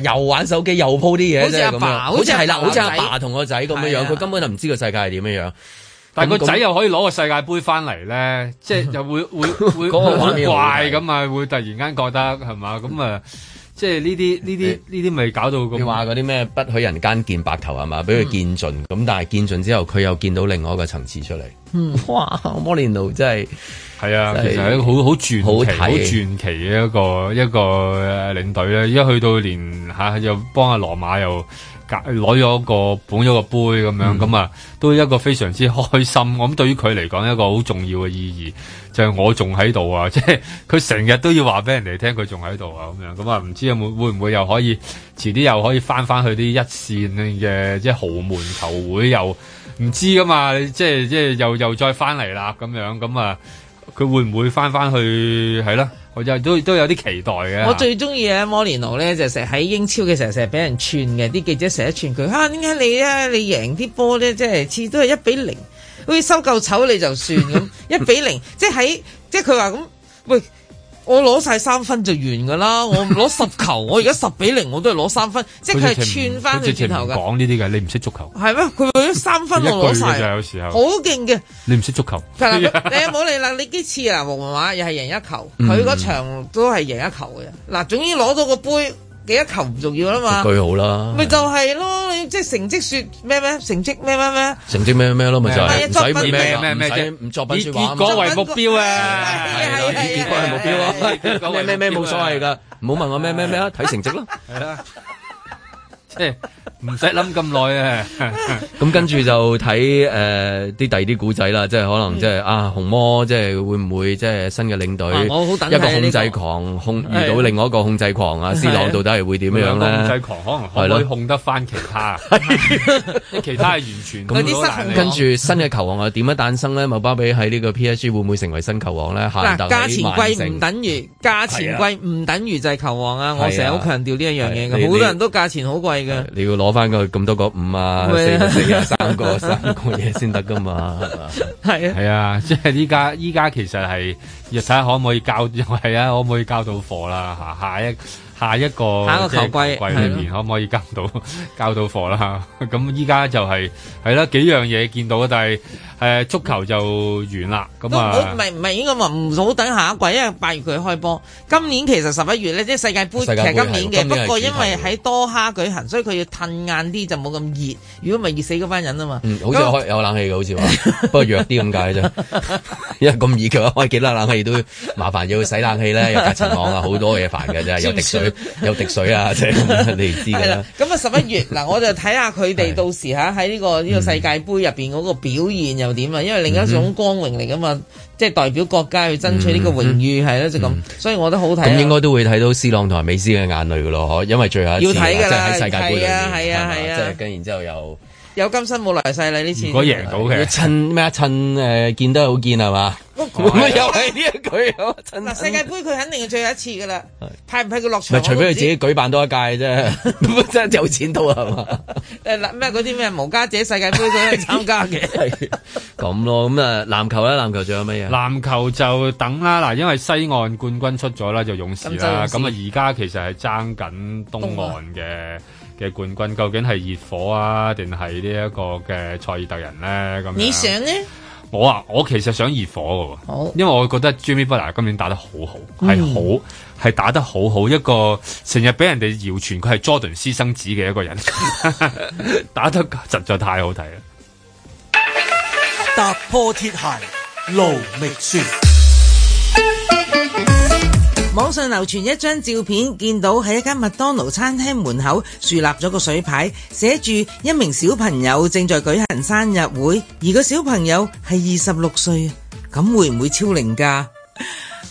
又玩手機又鋪啲嘢，即係咁好似係啦，好似阿爸同個仔咁樣，佢根本就唔知個世界係點樣。但係個仔又可以攞個世界盃翻嚟咧，即係又會會會好怪咁啊，會突然間覺得係嘛咁啊。即係呢啲呢啲呢啲咪搞到咁。你話嗰啲咩不許人間見白頭係嘛？俾佢見盡咁，嗯、但係見盡之後佢又見到另外一個層次出嚟。嗯，哇！摩連奴真係係啊，就係、其實係一個好好傳奇、好傳奇嘅一個一個領隊啦。一去到連嚇、啊、又幫阿羅馬又。攞咗個捧咗個杯咁樣，咁啊都一個非常之開心。我諗對於佢嚟講一個好重要嘅意義，就係我仲喺度啊！即係佢成日都要話俾人哋聽，佢仲喺度啊咁樣。咁啊唔知有冇會唔會又可以遲啲又可以翻翻去啲一線嘅即係豪門球會又唔知噶嘛？即係即係又又再翻嚟啦咁樣。咁啊佢會唔會翻翻去係啦？我就都都有啲期待嘅。我最中意咧摩連奴咧，就成日喺英超嘅時候成日俾人串嘅，啲記者成日串佢。嚇點解你咧你贏啲波咧，即係次都係一比零，好似收夠籌你就算咁，一 比零。即係喺即係佢話咁，喂。我攞晒三分就完噶啦！我唔攞十球，我而家十比零，我都係攞三分，即係串翻去轉頭噶。講呢啲嘅，你唔識足球。係咩？佢攞三分 我攞晒，就有時候。好勁嘅。你唔識足球？嗱， 你又冇理啦。你幾次啊，胡話又係贏一球，佢嗰場都係贏一球嘅。嗱、嗯，總之攞到個杯。幾一球唔重要啦嘛，句號啦，咪就係咯，即係成績說咩咩，成績咩咩咩，成績咩咩咩咯，咪就係，唔使咩咩咩，唔作品說話，以結果為目標啊，係以結果為目標啊，講咩咩咩冇所謂噶，唔好問我咩咩咩啊，睇成績咯。即係唔使諗咁耐啊！咁跟住就睇誒啲第二啲古仔啦，即係可能即係啊紅魔即係會唔會即係新嘅領隊？我好等一個控制狂控遇到另外一個控制狂啊！C 朗到底係會點樣咧？控制狂可能係控得翻其他，其他係完全咁。跟住新嘅球王又點樣誕生咧？某巴比喺呢個 P S G 會唔會成為新球王咧？價錢貴唔等於價錢貴唔等於就係球王啊！我成日好強調呢一樣嘢好多人都價錢好貴。你要攞翻個咁多個五啊，四啊，四啊四個 三個三個嘢先得噶嘛，係啊 吧，係啊，即係依家依家其實係，日睇下可唔可以交，係啊，可唔可以交到貨啦？下下一下一個下一個是球季櫃季裏面是、啊、可唔可以交到交到貨啦？吓、 就是，咁依家就係係啦，幾樣嘢見到，但係。誒足球就完啦，咁唔係唔係應該話唔好等下一季，因為八月佢開波。今年其實十一月咧，即係世界盃，其實今年嘅。不過因為喺多哈舉行，所以佢要褪晏啲，就冇咁熱。如果唔係熱死嗰班人啊嘛。好似開有冷氣，好似話，不過弱啲咁解啫。因為咁熱，嘅一開幾多冷氣都麻煩，要洗冷氣咧，有隔塵網啊，好多嘢煩嘅啫，有滴水，有滴水啊，即係你知啦。係啦，咁啊十一月嗱，我就睇下佢哋到時嚇喺呢個呢個世界盃入邊嗰個表現。點啊？因為另一種光榮嚟噶嘛，嗯、哼即係代表國家去爭取呢個榮譽係咯，就咁、嗯哼。嗯、哼所以我覺得好睇。咁應該都會睇到斯朗同埋美斯嘅眼淚㗎咯，因為最後一次即係喺世界盃裡面，係啊係啊，即係跟然之後又。有今生冇來世啦，呢次，如果贏到嘅，趁咩啊？呃哎、呀 趁，誒見得好見係嘛？又係呢一句，嗱世界杯佢肯定要最後一次噶啦，是派唔派佢落場唔係，除非佢自己舉辦多一屆啫。真係 有錢到係嘛？誒咩嗰啲咩無家者世界杯佢參加嘅，咁咯。咁啊籃球咧，籃球仲有乜嘢？籃球就等啦嗱，因為西岸冠軍出咗啦，就勇士啦，咁啊而家其實係爭緊東岸嘅嘅冠軍究竟係熱火啊，定係呢一個嘅賽爾特人咧？咁你想咧？我啊，我其實想熱火嘅，好因為我覺得 Jimmy Butler 今年打得好好，係、嗯、好，係打得好好一個，成日俾人哋謠傳佢係 Jordan 私生子嘅一個人， 打得實在太好睇啦！踏破鐵鞋路未絕。網上流傳一張照片，見到喺一間麥當勞餐廳門口樹立咗個水牌，寫住一名小朋友正在舉行生日會，而個小朋友係二十六歲，咁會唔會超齡㗎？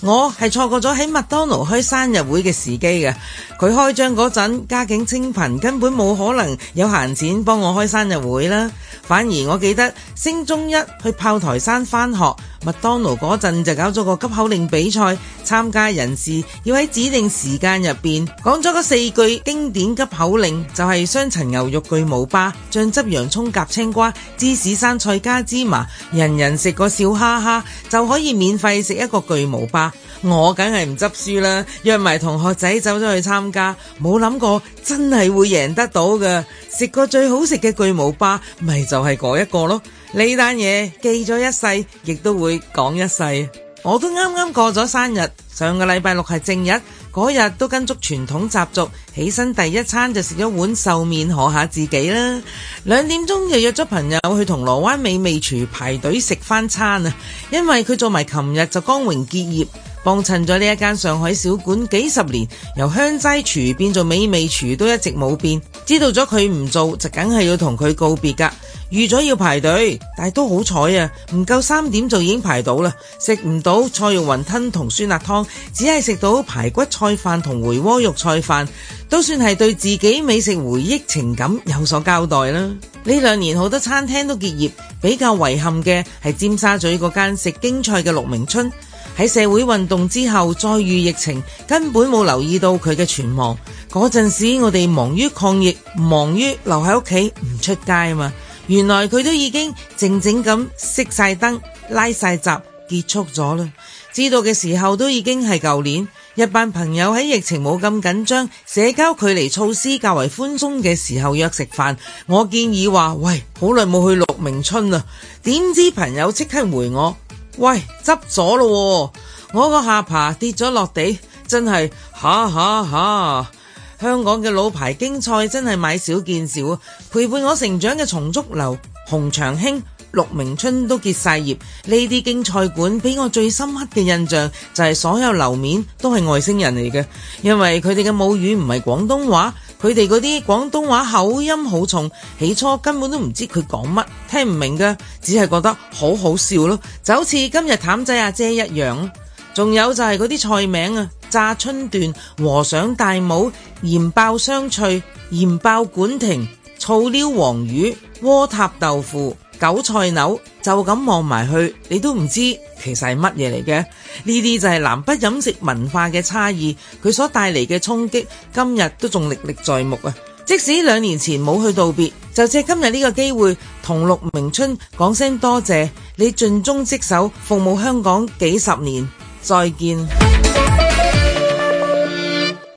我係錯過咗喺麥當勞開生日會嘅時機嘅。佢開張嗰陣家境清貧，根本冇可能有閒錢幫我開生日會啦。反而我記得升中一去炮台山返學，麥當勞嗰陣就搞咗個急口令比賽，參加人士要喺指定時間入邊講咗嗰四句經典急口令，就係、是、雙層牛肉巨無霸、醬汁洋葱夾青瓜、芝士生菜加芝麻，人人食個笑哈哈，就可以免費食一個巨無霸。我梗係唔執輸啦，約埋同學仔走咗去參加，冇諗過真係會贏得到㗎。食過最好食嘅巨無霸，咪就係嗰一個咯。呢單嘢記咗一世，亦都會講一世。我都啱啱過咗生日，上個禮拜六係正日，嗰日都跟足傳統習俗，起身第一餐就食咗碗壽麵賀下自己啦。兩點鐘就約咗朋友去銅鑼灣美味廚排隊食翻餐啊，因為佢做埋琴日就光榮結業。幫襯咗呢一間上海小館幾十年，由香齋廚變做美味廚都一直冇變。知道咗佢唔做，就梗係要同佢告別噶預咗要排隊，但係都好彩啊，唔夠三點就已經排到啦。食唔到菜肉雲吞同酸辣湯，只係食到排骨菜飯同回鍋肉菜飯，都算係對自己美食回憶情感有所交代啦。呢兩年好多餐廳都結業，比較遺憾嘅係尖沙咀嗰間食京菜嘅鹿鳴春。喺社會運動之後，再遇疫情，根本冇留意到佢嘅存亡。嗰陣時，我哋忙於抗疫，忙於留喺屋企唔出街啊嘛。原來佢都已經靜靜咁熄晒燈、拉晒閘，結束咗啦。知道嘅時候都已經係舊年。一班朋友喺疫情冇咁緊張、社交距離措施較為寬鬆嘅時候約食飯，我建議話：喂，好耐冇去鹿明春鹿鳴春啦，點知朋友即刻回我。喂，執咗咯喎！我個下巴跌咗落地，真係哈哈哈哈！香港嘅老牌京菜真係買少見少啊！陪伴我成長嘅松竹樓、洪長興、鹿鳴春都結晒業，呢啲京菜館俾我最深刻嘅印象就係所有樓面都係外星人嚟嘅，因為佢哋嘅母語唔係廣東話。佢哋嗰啲廣東話口音好重，起初根本都唔知佢講乜，聽唔明嘅，只係覺得好好笑咯，就好似今日譚仔阿姐，姐一樣。仲有就係嗰啲菜名啊，炸春段、和尚大帽、鹽爆雙脆、鹽爆管廷、醋溜黃魚、鍋塌豆腐。韭菜樓就咁望埋去，你都唔知其實係乜嘢嚟嘅。呢啲就係南北飲食文化嘅差異，佢所帶嚟嘅衝擊，今日都仲歷歷在目啊！即使兩年前冇去道別，就借今日呢個機會，同陸明春講聲多謝你盡忠職守，服務香港幾十年，再見。